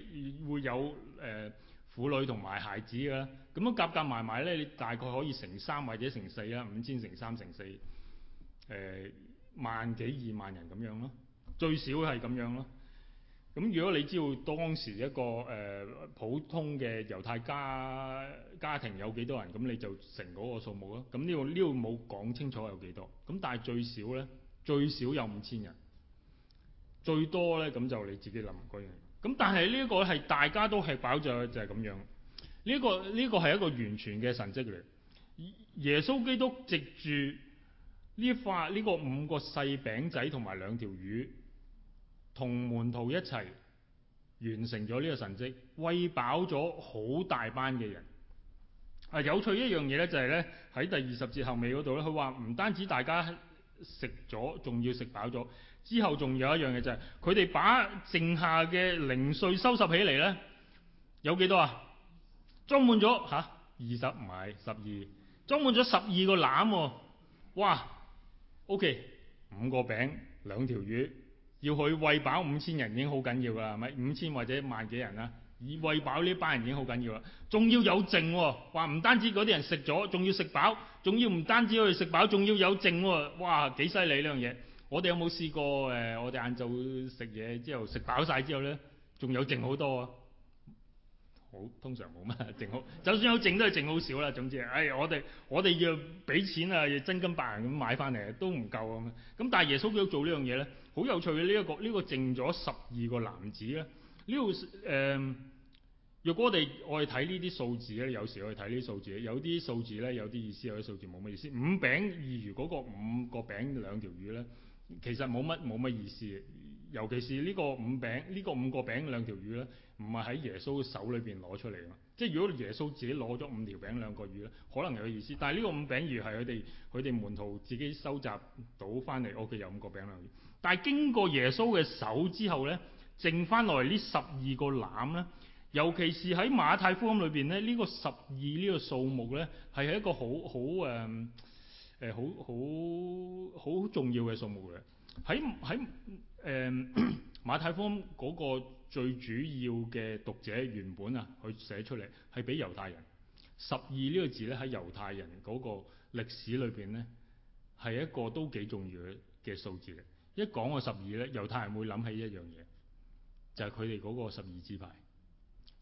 會有誒、呃、婦女同埋孩子㗎，咁樣夾夾埋埋咧，你大概可以乘三或者乘四啦，五千乘三乘四，誒、呃、萬幾二萬人咁樣咯，最少係咁樣咯。咁如果你知道當時一個誒、呃、普通嘅猶太家家庭有幾多人，咁你就乘嗰個數目咯。咁呢個呢個冇講清楚有幾多，咁但係最少咧，最少有五千人。最多咧，咁就你自己諗嗰樣。咁但係呢個係大家都係飽咗就係、是、咁樣。呢、這個呢、這個係一個完全嘅神蹟嚟。耶穌基督藉住呢塊呢個五個細餅仔同埋兩條魚，同門徒一齊完成咗呢個神蹟，餵飽咗好大班嘅人。啊，有趣一樣嘢咧就係咧，喺第二十節後尾嗰度咧，佢話唔單止大家食咗，仲要食飽咗。之後仲有一樣嘢就係，佢哋把剩下嘅零碎收拾起嚟呢，有幾多啊？裝滿咗吓，二十唔係十二，裝滿咗十二個籃喎。哇，OK，五個餅，兩條魚，要去餵飽五千人已經好緊要㗎啦，係咪？五千或者萬幾人啦，以餵飽呢班人已經好緊要啦。仲要有剩喎，話唔單止嗰啲人食咗，仲要食飽，仲要唔單止去食飽，仲要有剩喎。哇，幾犀利呢樣嘢！我哋有冇試過誒？我哋晏晝食嘢之後食飽晒之後咧，仲有剩好多啊！好通常冇乜剩好，就算有剩都係剩好少啦。總之，哎我哋我哋要俾錢啊，要真金白銀咁買翻嚟都唔夠啊！咁但係耶穌都做呢樣嘢咧，好有趣嘅呢一個呢個剩咗十二個男子咧。呢度誒，若果我哋我哋睇呢啲數字咧，有時我哋睇呢啲數字，有啲數字咧有啲意思，有啲數字冇乜意思。五餅如果嗰個五個餅兩條魚咧。其實冇乜冇乜意思，尤其是呢個五餅呢個五個餅兩條魚呢，唔係喺耶穌手裏邊攞出嚟啊！即係如果耶穌自己攞咗五條餅兩個魚呢，可能有意思。但係呢個五餅魚係佢哋佢哋門徒自己收集到翻嚟屋企，有五個餅兩個魚。但係經過耶穌嘅手之後呢，剩翻落嚟呢十二個籃呢，尤其是喺馬太福音裏邊咧，呢個十二呢個數目呢，係一個好好誒。很嗯誒，好好好重要嘅數目嘅，喺喺誒馬太福音嗰個最主要嘅讀者原本啊，佢寫出嚟係俾猶太人。十二呢個字咧，喺猶太人嗰個歷史裏邊咧，係一個都幾重要嘅嘅數字嚟。一講個十二咧，猶太人會諗起一樣嘢，就係佢哋嗰個十二支派。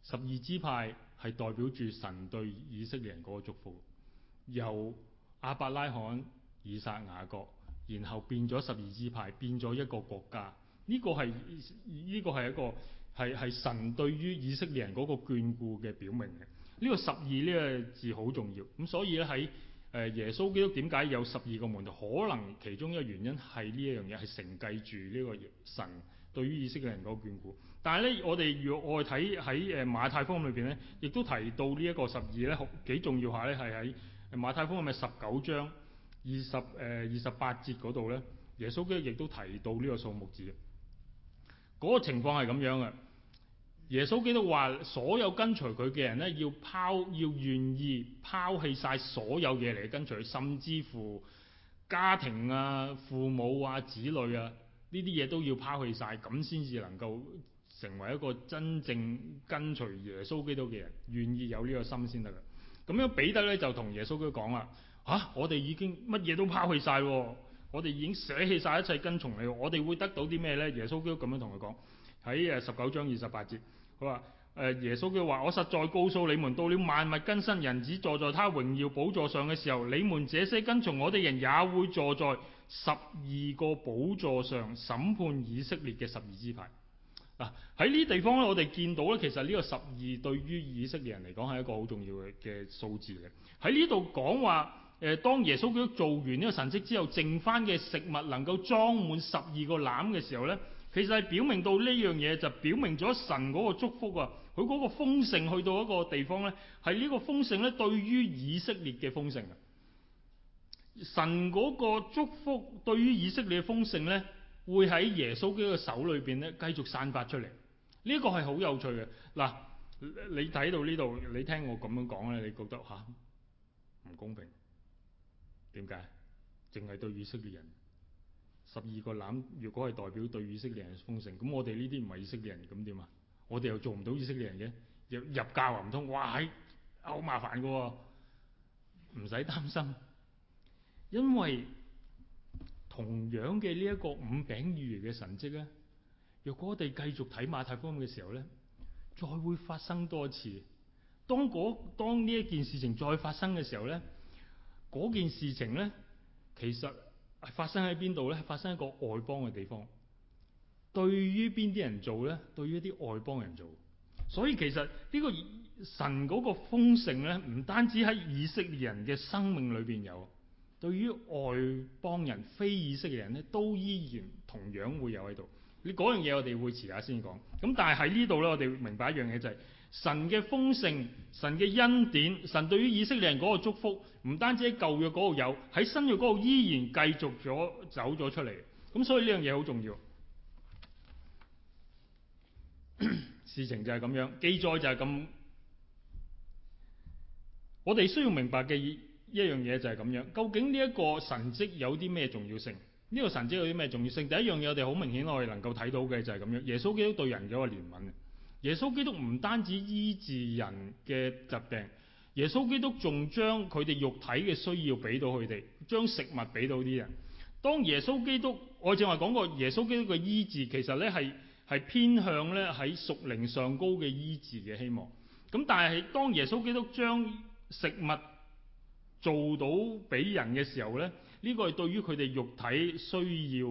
十二支派係代表住神對以色列人嗰個祝福，由亞伯拉罕、以撒、雅各，然後變咗十二支派，變咗一個國家。呢個係呢個係一個係係神對於以色列人嗰個眷顧嘅表明嘅。呢個十二呢個字好重要。咁所以咧喺誒耶穌基督點解有十二個門徒？可能其中一個原因係呢一樣嘢係承繼住呢個神對於以色列人嗰個眷顧。但係咧我哋如果睇喺誒馬太福音裏邊咧，亦都提到呢一個十二咧好幾重要下咧係喺。馬太福音係咪十九章二十誒、呃、二十八節嗰度咧？耶穌基督亦都提到呢個數目字，嗰、嗰個情況係咁樣嘅。耶穌基督話：所有跟隨佢嘅人咧，要拋要願意拋棄晒所有嘢嚟跟隨，甚至乎家庭啊、父母啊、子女啊呢啲嘢都要拋棄晒，咁先至能夠成為一個真正跟隨耶穌基督嘅人，願意有呢個心先得噶。咁樣彼得咧就同耶穌基督講啦，吓、啊、我哋已經乜嘢都拋棄晒，我哋已經捨棄晒一切跟從你，我哋會得到啲咩呢？耶穌基督咁樣同佢講喺誒十九章二十八節，佢話，耶穌基督話：我實在告訴你們，到了萬物更新、人子坐在他榮耀寶座上嘅時候，你們這些跟從我哋人也會坐在十二個寶座上審判以色列嘅十二支派。」喺呢地方咧，我哋見到咧，其實呢個十二對於以色列人嚟講係一個好重要嘅嘅數字嚟。喺呢度講話，誒當耶穌基督做完呢個神跡之後，剩翻嘅食物能夠裝滿十二個籃嘅時候咧，其實係表明到呢樣嘢，就表明咗神嗰個祝福啊，佢嗰個豐盛去到一個地方咧，係呢個豐盛咧，對於以色列嘅豐盛啊。神嗰個祝福，對於以色列嘅豐盛咧。會喺耶穌嘅手裏邊咧繼續散發出嚟，呢個係好有趣嘅。嗱，你睇到呢度，你聽我咁樣講咧，你覺得吓唔公平？點解？淨係對以色列人十二個籃，如果係代表對以色列人豐盛，咁我哋呢啲唔係以色列人，咁點啊？我哋又做唔到以色列人嘅，入入教又唔通？哇，好麻煩噶，唔使擔心，因為。同樣嘅呢一個五餅魚嘅神跡咧，若果我哋繼續睇馬太福音嘅時候咧，再會發生多次。當嗰當呢一件事情再發生嘅時候咧，嗰件事情咧，其實發生喺邊度咧？發生一個外邦嘅地方，對於邊啲人做咧？對於一啲外邦人做。所以其實呢個神嗰個豐盛咧，唔單止喺以色列人嘅生命裏邊有。對於外邦人、非以色列人咧，都依然同樣會有喺度。你嗰樣嘢我哋會遲下先講。咁但係喺呢度咧，我哋明白一樣嘢就係神嘅豐盛、神嘅恩典、神對於以色列人嗰個祝福，唔單止喺舊約嗰度有，喺新約嗰度依然繼續咗走咗出嚟。咁所以呢樣嘢好重要。 事情就係咁樣，記載就係咁。我哋需要明白嘅。一樣嘢就係咁樣，究竟呢一個神跡有啲咩重要性？呢個神跡有啲咩重要性？第一樣嘢我哋好明顯可以能夠睇到嘅就係咁樣。耶穌基督對人嘅一個憐憫！耶穌基督唔單止醫治人嘅疾病，耶穌基督仲將佢哋肉體嘅需要俾到佢哋，將食物俾到啲人。當耶穌基督，我正話講過，耶穌基督嘅醫治其實呢係係偏向咧喺屬靈上高嘅醫治嘅希望。咁但係當耶穌基督將食物做到俾人嘅時候呢，呢個係對於佢哋肉體需要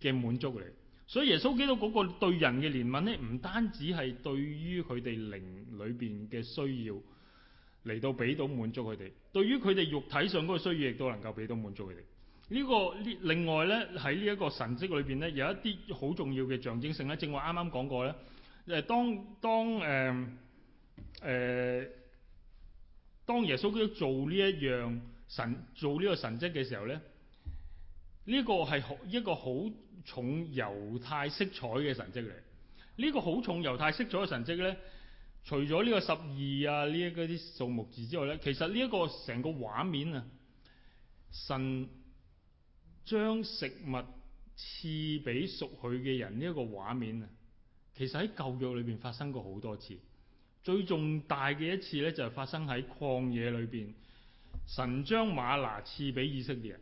嘅滿足嚟。所以耶穌基督嗰個對人嘅憐憫呢，唔單止係對於佢哋靈裏邊嘅需要嚟到俾到滿足佢哋，對於佢哋肉體上嗰個需要亦都能夠俾到滿足佢哋。呢個呢，另外呢，喺呢一個神跡裏邊呢，有一啲好重要嘅象徵性咧。正話啱啱講過呢，誒當當誒誒。呃呃當耶穌基督做呢一樣神做呢個神蹟嘅時候咧，呢、這個係好一個好重猶太色彩嘅神蹟嚟。呢、這個好重猶太色彩嘅神蹟咧，除咗呢個十二啊呢一啲數目字之外咧，其實呢一個成個畫面啊，神將食物賜俾屬佢嘅人呢一個畫面啊，其實喺舊約裏邊發生過好多次。最重大嘅一次咧，就發生喺曠野裏邊，神將馬拿賜俾以色列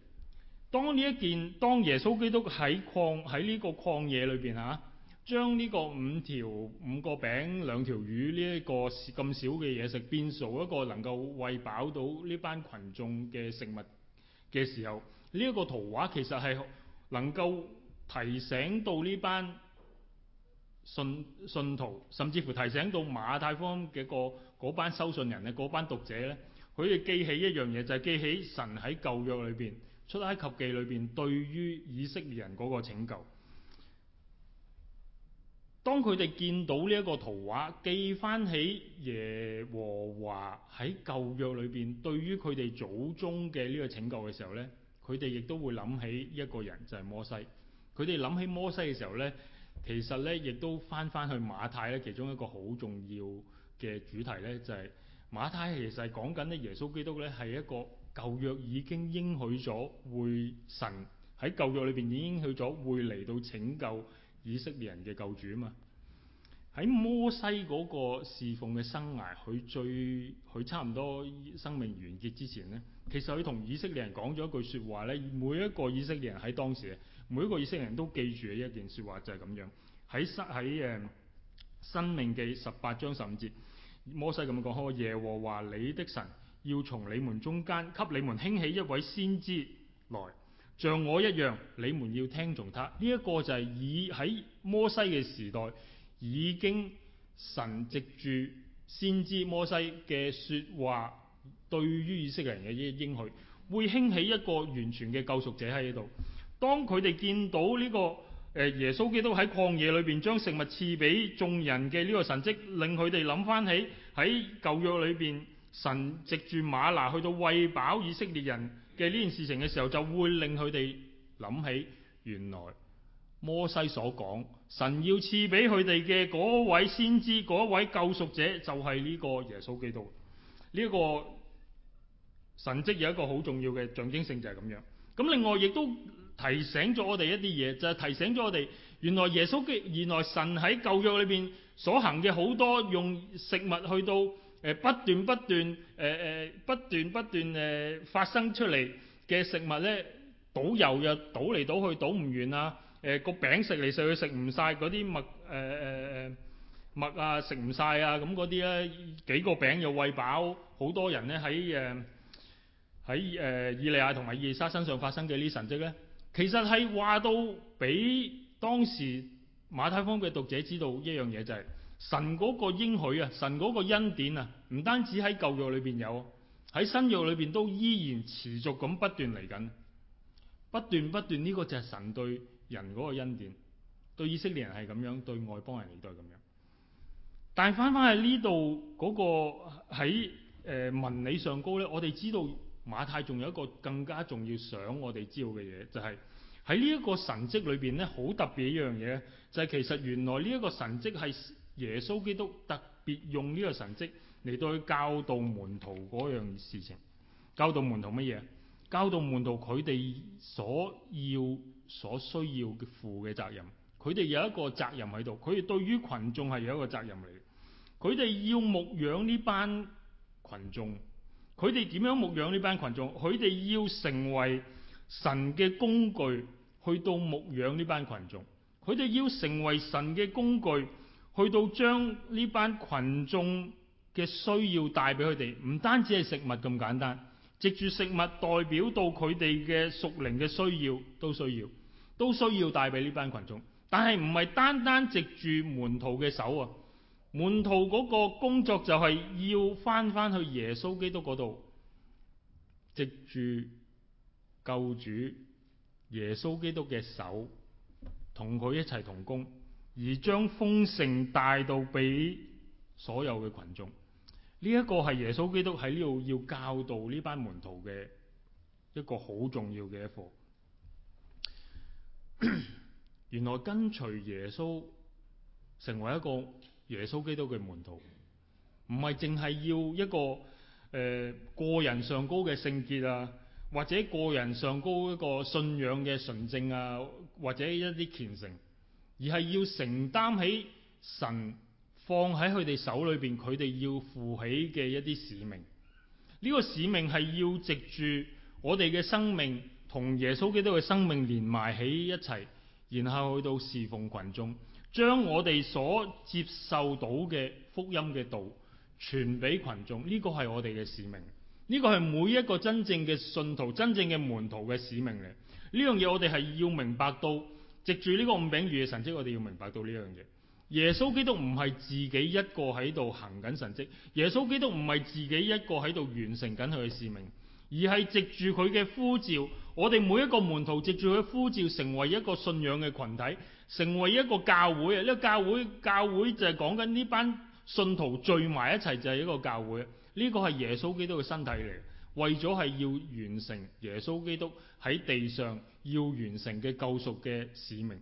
當呢一件，當耶穌基督喺曠喺呢個曠野裏邊啊，將呢個五條五個餅兩條魚呢一個咁少嘅嘢食，變做一個能夠餵飽到呢班群眾嘅食物嘅時候，呢一個圖畫其實係能夠提醒到呢班信信徒，甚至乎提醒到馬太方嘅個嗰班收信人嘅嗰班讀者咧，佢哋記起一樣嘢，就係記起神喺舊約裏邊出埃及記裏邊對於以色列人嗰個拯救。當佢哋見到呢一個圖畫，記翻起耶和華喺舊約裏邊對於佢哋祖宗嘅呢個拯救嘅時候咧，佢哋亦都會諗起一個人，就係摩西。佢哋諗起摩西嘅時候咧。其實咧，亦都返返去馬太咧，其中一個好重要嘅主題咧，就係，就係馬太其實講緊咧，耶穌基督咧係一個舊約已經應許咗會神喺舊約裏邊已經應許咗會嚟到拯救以色列人嘅救主啊嘛。喺摩西嗰個侍奉嘅生涯，佢最佢差唔多生命完結之前咧，其實佢同以色列人講咗一句説話咧，每一個以色列人喺當時。每一個以色列人都記住嘅一件說話就係咁樣喺生喺誒，申命記十八章十五節，摩西咁講：耶和華你的神要從你們中間給你們興起一位先知來，像我一樣，你們要聽從他。呢、這、一個就係以喺摩西嘅時代已經神藉住先知摩西嘅說話，對於以色列人嘅一個應許，會興起一個完全嘅救贖者喺呢度。當佢哋見到呢個耶穌基督喺曠野裏邊將食物賜俾眾人嘅呢個神蹟，令佢哋諗翻起喺舊約裏邊神藉住馬拿去到餵飽以色列人嘅呢件事情嘅時候，就會令佢哋諗起，原來摩西所講神要賜俾佢哋嘅嗰位先知，嗰位救贖者就係呢個耶穌基督。呢、這、一個神蹟有一個好重要嘅象徵性就係、是、咁樣。咁另外亦都。提醒咗我哋一啲嘢，就係提醒咗我哋，原來耶穌嘅，原來神喺舊約裏邊所行嘅好多用食物去到，誒不斷不斷，誒誒不斷不斷誒發生出嚟嘅食物咧，倒油又倒嚟倒去倒唔完啊，誒個餅食嚟食去食唔晒，嗰啲麥誒誒麥啊食唔晒啊，咁嗰啲咧幾個餅又喂飽好多人咧喺誒喺誒以利亞同埋以利沙身上發生嘅呢神蹟咧。其實係話到俾當時馬太福音嘅讀者知道一樣嘢就係、是、神嗰個應許啊，神嗰個恩典啊，唔單止喺舊約裏邊有，喺新約裏邊都依然持續咁不斷嚟緊，不斷不斷呢、呢個就係神對人嗰個恩典，對以色列人係咁樣，對外邦人嚟都係咁樣。但係翻翻去呢度嗰個喺誒文理上高咧，我哋知道。馬太仲有一個更加重要想我哋知道嘅嘢，就係喺呢一個神蹟裏邊咧，好特別一樣嘢，就係、是、其實原來呢一個神蹟係耶穌基督特別用呢個神蹟嚟對教導門徒嗰樣事情。教導門徒乜嘢？教導門徒佢哋所要、所需要負嘅責任。佢哋有一個責任喺度，佢哋對於群眾係有一個責任嚟。佢哋要牧養呢班群眾。佢哋點樣牧養呢班群眾？佢哋要成為神嘅工具，去到牧養呢班群眾。佢哋要成為神嘅工具，去到將呢班群眾嘅需要帶俾佢哋。唔單止係食物咁簡單，藉住食物代表到佢哋嘅屬靈嘅需要，都需要，都需要帶俾呢班群眾。但係唔係單單藉住門徒嘅手啊！門徒嗰個工作就係要返返去耶穌基督嗰度，藉住救主耶穌基督嘅手，同佢一齊同工，而將豐盛帶到俾所有嘅群眾。呢一個係耶穌基督喺呢度要教導呢班門徒嘅一個好重要嘅一課。原來跟隨耶穌成為一個。耶穌基督嘅門徒唔係淨係要一個誒、呃、個人上高嘅聖潔啊，或者個人上高一個信仰嘅純正啊，或者一啲虔誠，而係要承擔起神放喺佢哋手裏邊，佢哋要負起嘅一啲使命。呢、這個使命係要藉住我哋嘅生命同耶穌基督嘅生命連埋喺一齊，然後去到侍奉群眾。將我哋所接受到嘅福音嘅道傳俾群眾，呢個係我哋嘅使命，呢個係每一個真正嘅信徒、真正嘅門徒嘅使命嚟。呢樣嘢我哋係要明白到，藉住呢個五餅魚嘅神跡，我哋要明白到呢樣嘢。耶穌基督唔係自己一個喺度行緊神跡，耶穌基督唔係自己一個喺度完成緊佢嘅使命，而係藉住佢嘅呼召，我哋每一個門徒藉住佢呼召，成為一個信仰嘅群體。成為一個教會啊！呢個教會教會就係講緊呢班信徒聚埋一齊就係、是、一個教會。呢、這個係耶穌基督嘅身體嚟，為咗係要完成耶穌基督喺地上要完成嘅救贖嘅使命，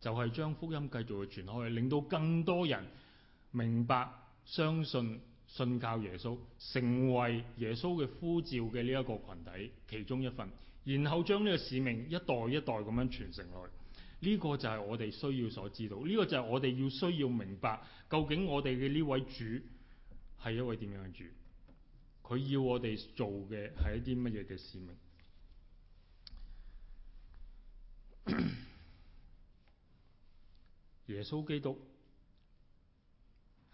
就係、是、將福音繼續去傳開，令到更多人明白、相信、信靠耶穌，成為耶穌嘅呼召嘅呢一個群體其中一份，然後將呢個使命一代一代咁樣傳承落去。呢個就係我哋需要所知道，呢個就係我哋要需要明白，究竟我哋嘅呢位主係一位點樣嘅主？佢要我哋做嘅係一啲乜嘢嘅使命？ 耶穌基督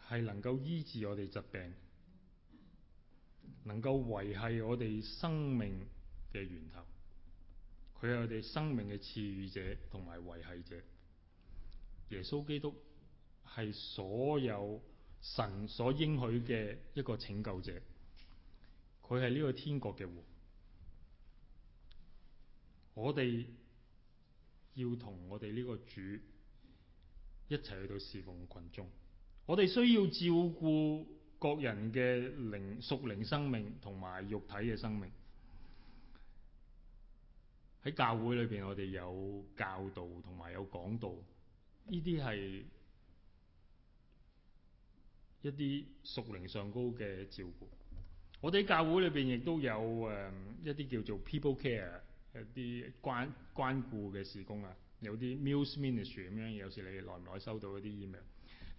係能夠醫治我哋疾病，能夠維繫我哋生命嘅源頭。佢係我哋生命嘅賜予者同埋維繫者，耶穌基督係所有神所應許嘅一個拯救者，佢係呢個天國嘅王。我哋要同我哋呢個主一齊去到侍奉群眾，我哋需要照顧各人嘅靈屬靈生命同埋肉體嘅生命。喺教會裏邊，我哋有教導同埋有講道，呢啲係一啲屬靈上高嘅照顧。我哋喺教會裏邊亦都有誒一啲叫做 people care，一啲關關顧嘅事工啊，有啲 muse ministry 咁樣，有時你耐唔耐收到一啲 email，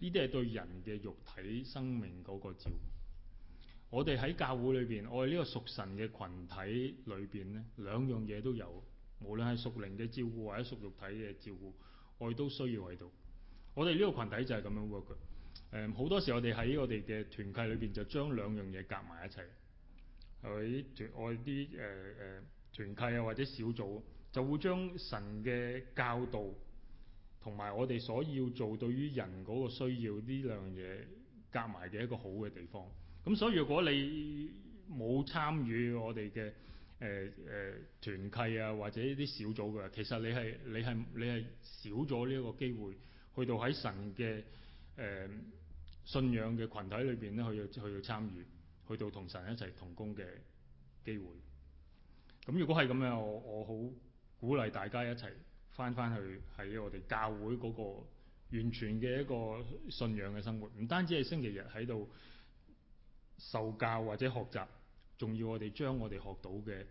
呢啲係對人嘅肉體生命嗰個照顧。我哋喺教會裏邊，我哋呢個屬神嘅群體裏邊咧，兩樣嘢都有。無論係屬靈嘅照顧或者屬肉體嘅照顧，我哋都需要喺度。我哋呢個群體就係咁樣 work 嘅。誒、嗯，好多時候我哋喺我哋嘅團契裏邊就將兩樣嘢夾埋一齊。我啲團我啲誒誒團契啊，或者小組就會將神嘅教導同埋我哋所要做對於人嗰個需要，呢兩樣嘢夾埋嘅一個好嘅地方。咁所以如果你冇參與我哋嘅，誒誒、呃呃、團契啊，或者啲小組㗎，其實你係你係你係少咗呢一個機會，去到喺神嘅誒、呃、信仰嘅群體裏邊咧，去去參參與，去到同神一齊同工嘅機會。咁如果係咁樣，我我好鼓勵大家一齊翻翻去喺我哋教會嗰個完全嘅一個信仰嘅生活，唔單止係星期日喺度受教或者學習。仲要我哋將我哋學到嘅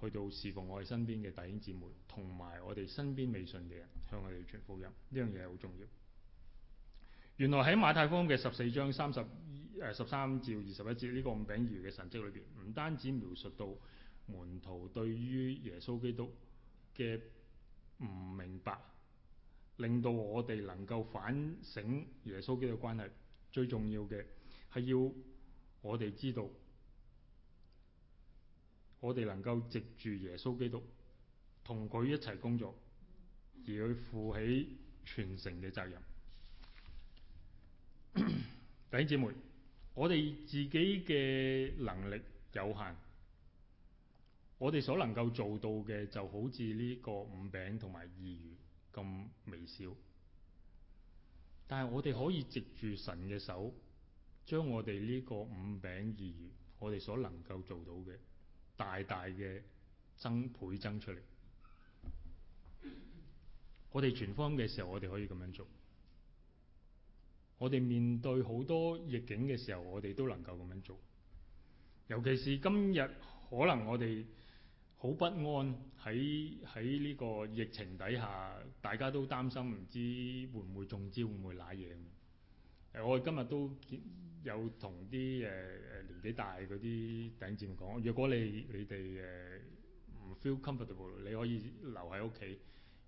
去到侍奉我哋身邊嘅弟兄姊妹，同埋我哋身邊未信嘅人，向我哋傳福音呢樣嘢，好重要。原來喺馬太福音嘅十四章三十誒十三至二十一節呢個五餅二魚嘅神跡裏邊，唔單止描述到門徒對於耶穌基督嘅唔明白，令到我哋能夠反省耶穌基督關係最重要嘅係要我哋知道。我哋能夠藉住耶穌基督同佢一齊工作，而去負起全城嘅責任。 弟兄姐妹，我哋自己嘅能力有限，我哋所能夠做到嘅就好似呢個五餅同埋二魚咁微小。但係我哋可以藉住神嘅手，將我哋呢個五餅二魚，我哋所能夠做到嘅。大大嘅增倍增出嚟，我哋全方嘅時候，我哋可以咁樣做；我哋面對好多逆境嘅時候，我哋都能夠咁樣做。尤其是今日，可能我哋好不安喺喺呢個疫情底下，大家都擔心唔知會唔會中招，會唔會瀨嘢。我哋今日都見。有同啲誒誒年紀大嗰啲弟兄姊妹講，若果你你哋誒唔、呃、feel comfortable，你可以留喺屋企，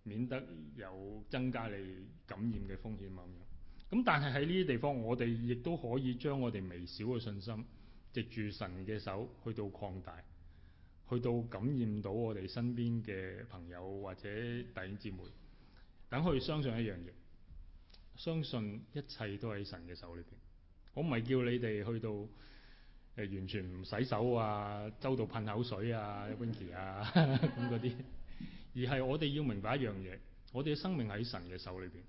免得有增加你感染嘅風險啊咁樣，咁但係喺呢啲地方，我哋亦都可以將我哋微小嘅信心，藉住神嘅手去到擴大，去到感染到我哋身邊嘅朋友或者弟兄姊妹，等佢相信一樣嘢，相信一切都喺神嘅手裏邊。我唔係叫你哋去到誒、呃、完全唔洗手啊，周到噴口水啊，Winky 啊咁嗰啲。而係我哋要明白一樣嘢，我哋嘅生命喺神嘅手裏邊。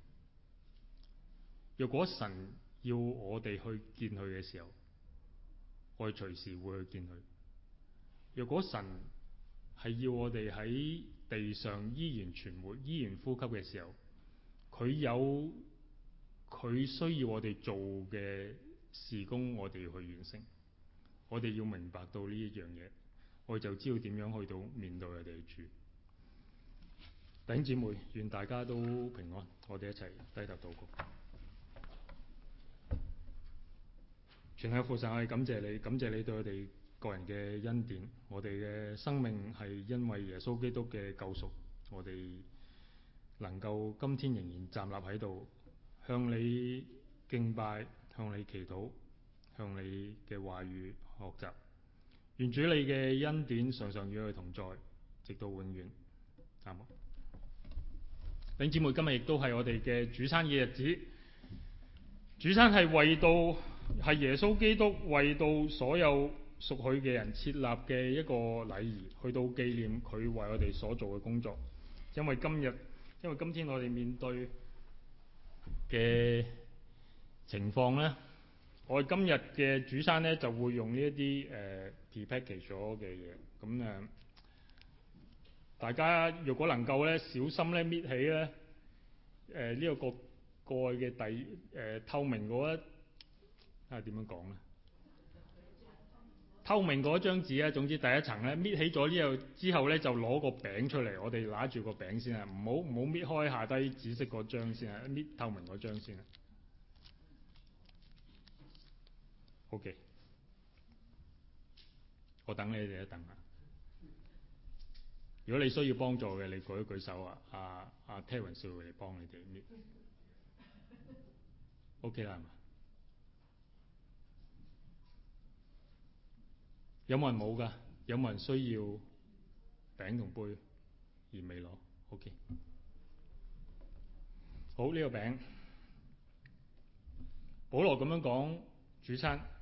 若果神要我哋去見佢嘅時候，我哋隨時會去見佢。若果神係要我哋喺地上依然存活、依然呼吸嘅時候，佢有佢需要我哋做嘅。事工，我哋要去完成。我哋要明白到呢一樣嘢，我就知道點樣去到面對佢哋住。弟兄姊妹，願大家都平安。我哋一齊低頭禱告，全體僕人係感謝你，感謝你對我哋個人嘅恩典。我哋嘅生命係因為耶穌基督嘅救贖。我哋能夠今天仍然站立喺度，向你敬拜。向你祈禱，向你嘅話語學習，願主你嘅恩典常常與我哋同在，直到永遠。阿門。弟兄姊妹，今日亦都係我哋嘅主餐嘅日子。主餐係為到係耶穌基督為到所有屬佢嘅人設立嘅一個禮儀，去到紀念佢為我哋所做嘅工作。因為今日，因為今天我哋面對嘅。情況咧，我哋今日嘅主山咧就會用呢一啲誒 package 嘅嘢，咁、呃、誒、嗯、大家如果能夠咧小心咧搣起咧，誒呢一個蓋嘅第誒透明嗰一啊點樣講咧？透明嗰張紙咧，總之第一層咧搣起咗呢度之後咧就攞個餅出嚟，我哋揦住個餅先啊！唔好唔好搣開下低紫色嗰張先啊，搣透明嗰張先啊！OK，我等你哋一等啊。如果你需要幫助嘅，你舉一舉手啊！阿、啊啊、Terrence 嚟幫你哋。O K 啦，係嘛？有冇有人冇㗎？有冇人需要餅同杯而未攞？O K。Okay. 好，呢、這個餅，保羅咁樣講主餐。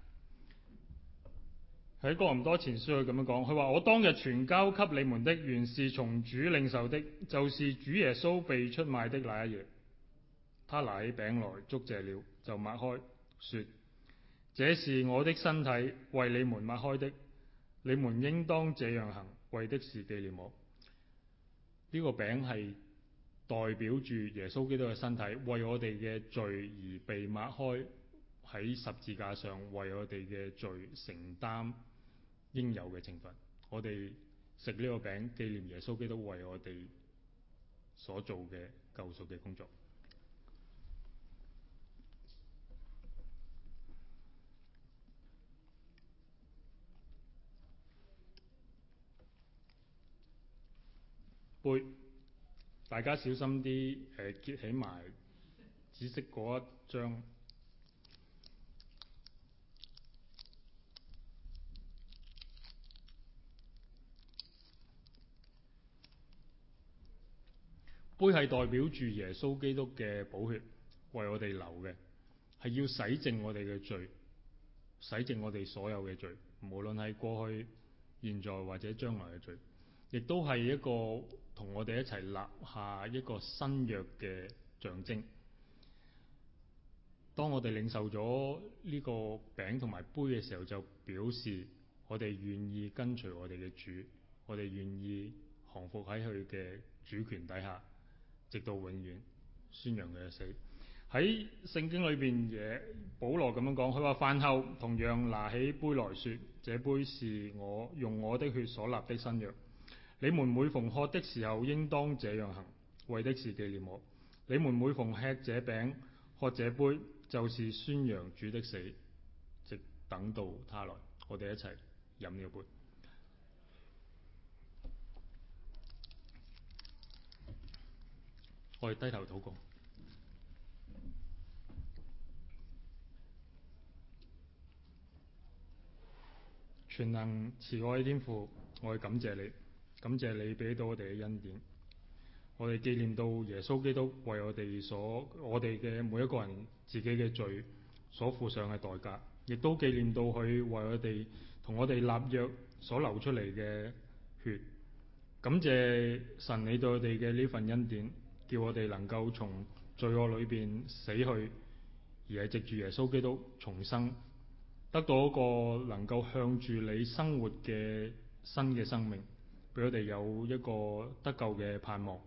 喺哥林多前書佢咁樣講，佢話，我當日傳交給你們的，原是從主領受的，就是主耶穌被出賣的那一夜。他拿起餅來，祝謝了，就擘開，說：這是我的身體，為你們擘開的。你們應當這樣行，為的是紀念我。呢、這個餅係代表住耶穌基督嘅身體，為我哋嘅罪而被擘開，喺十字架上為我哋嘅罪承擔。應有嘅懲罰，我哋食呢個餅，紀念耶穌基督為我哋所做嘅救贖嘅工作。杯，大家小心啲，誒揭起埋紫色嗰一張。杯係代表住耶穌基督嘅寶血，為我哋流嘅，係要洗淨我哋嘅罪，洗淨我哋所有嘅罪，無論係過去、現在或者將來嘅罪，亦都係一個同我哋一齊立下一個新約嘅象徵。當我哋領受咗呢個餅同埋杯嘅時候，就表示我哋願意跟隨我哋嘅主，我哋願意降服喺佢嘅主權底下。直到永遠，宣揚佢的死。喺聖經裏面，嘢，保羅咁樣講，佢話飯後同樣拿起杯來說，這杯是我用我的血所立的新約，你們每逢喝的時候，應當這樣行，為的是紀念我。你們每逢吃這餅、喝這杯，就是宣揚主的死，直等到他來。我哋一齊飲了杯。我哋低頭禱告，全能慈愛天父，我哋感謝你，感謝你俾到我哋嘅恩典。我哋紀念到耶穌基督為我哋所我哋嘅每一個人自己嘅罪所付上嘅代價，亦都紀念到佢為我哋同我哋立約所流出嚟嘅血。感謝神，你對我哋嘅呢份恩典。叫我哋能夠從罪惡裏邊死去，而係藉住耶穌基督重生，得到一個能夠向住你生活嘅新嘅生命，俾我哋有一個得救嘅盼望。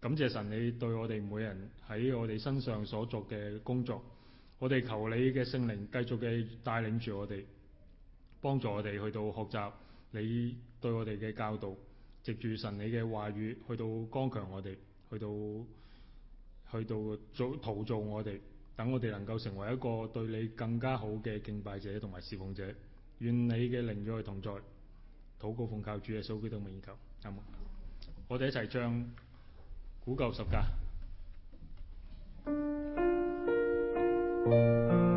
感謝神你你，你對我哋每人喺我哋身上所做嘅工作，我哋求你嘅聖靈繼續嘅帶領住我哋，幫助我哋去到學習你對我哋嘅教導，藉住神你嘅話語去到剛強我哋。去到去到做陶造我哋，等我哋能夠成為一個對你更加好嘅敬拜者同埋侍奉者。願你嘅靈與我同在，禱告奉靠主耶穌基督嘅名祈求，阿門，我哋一齊唱古《古舊十架。》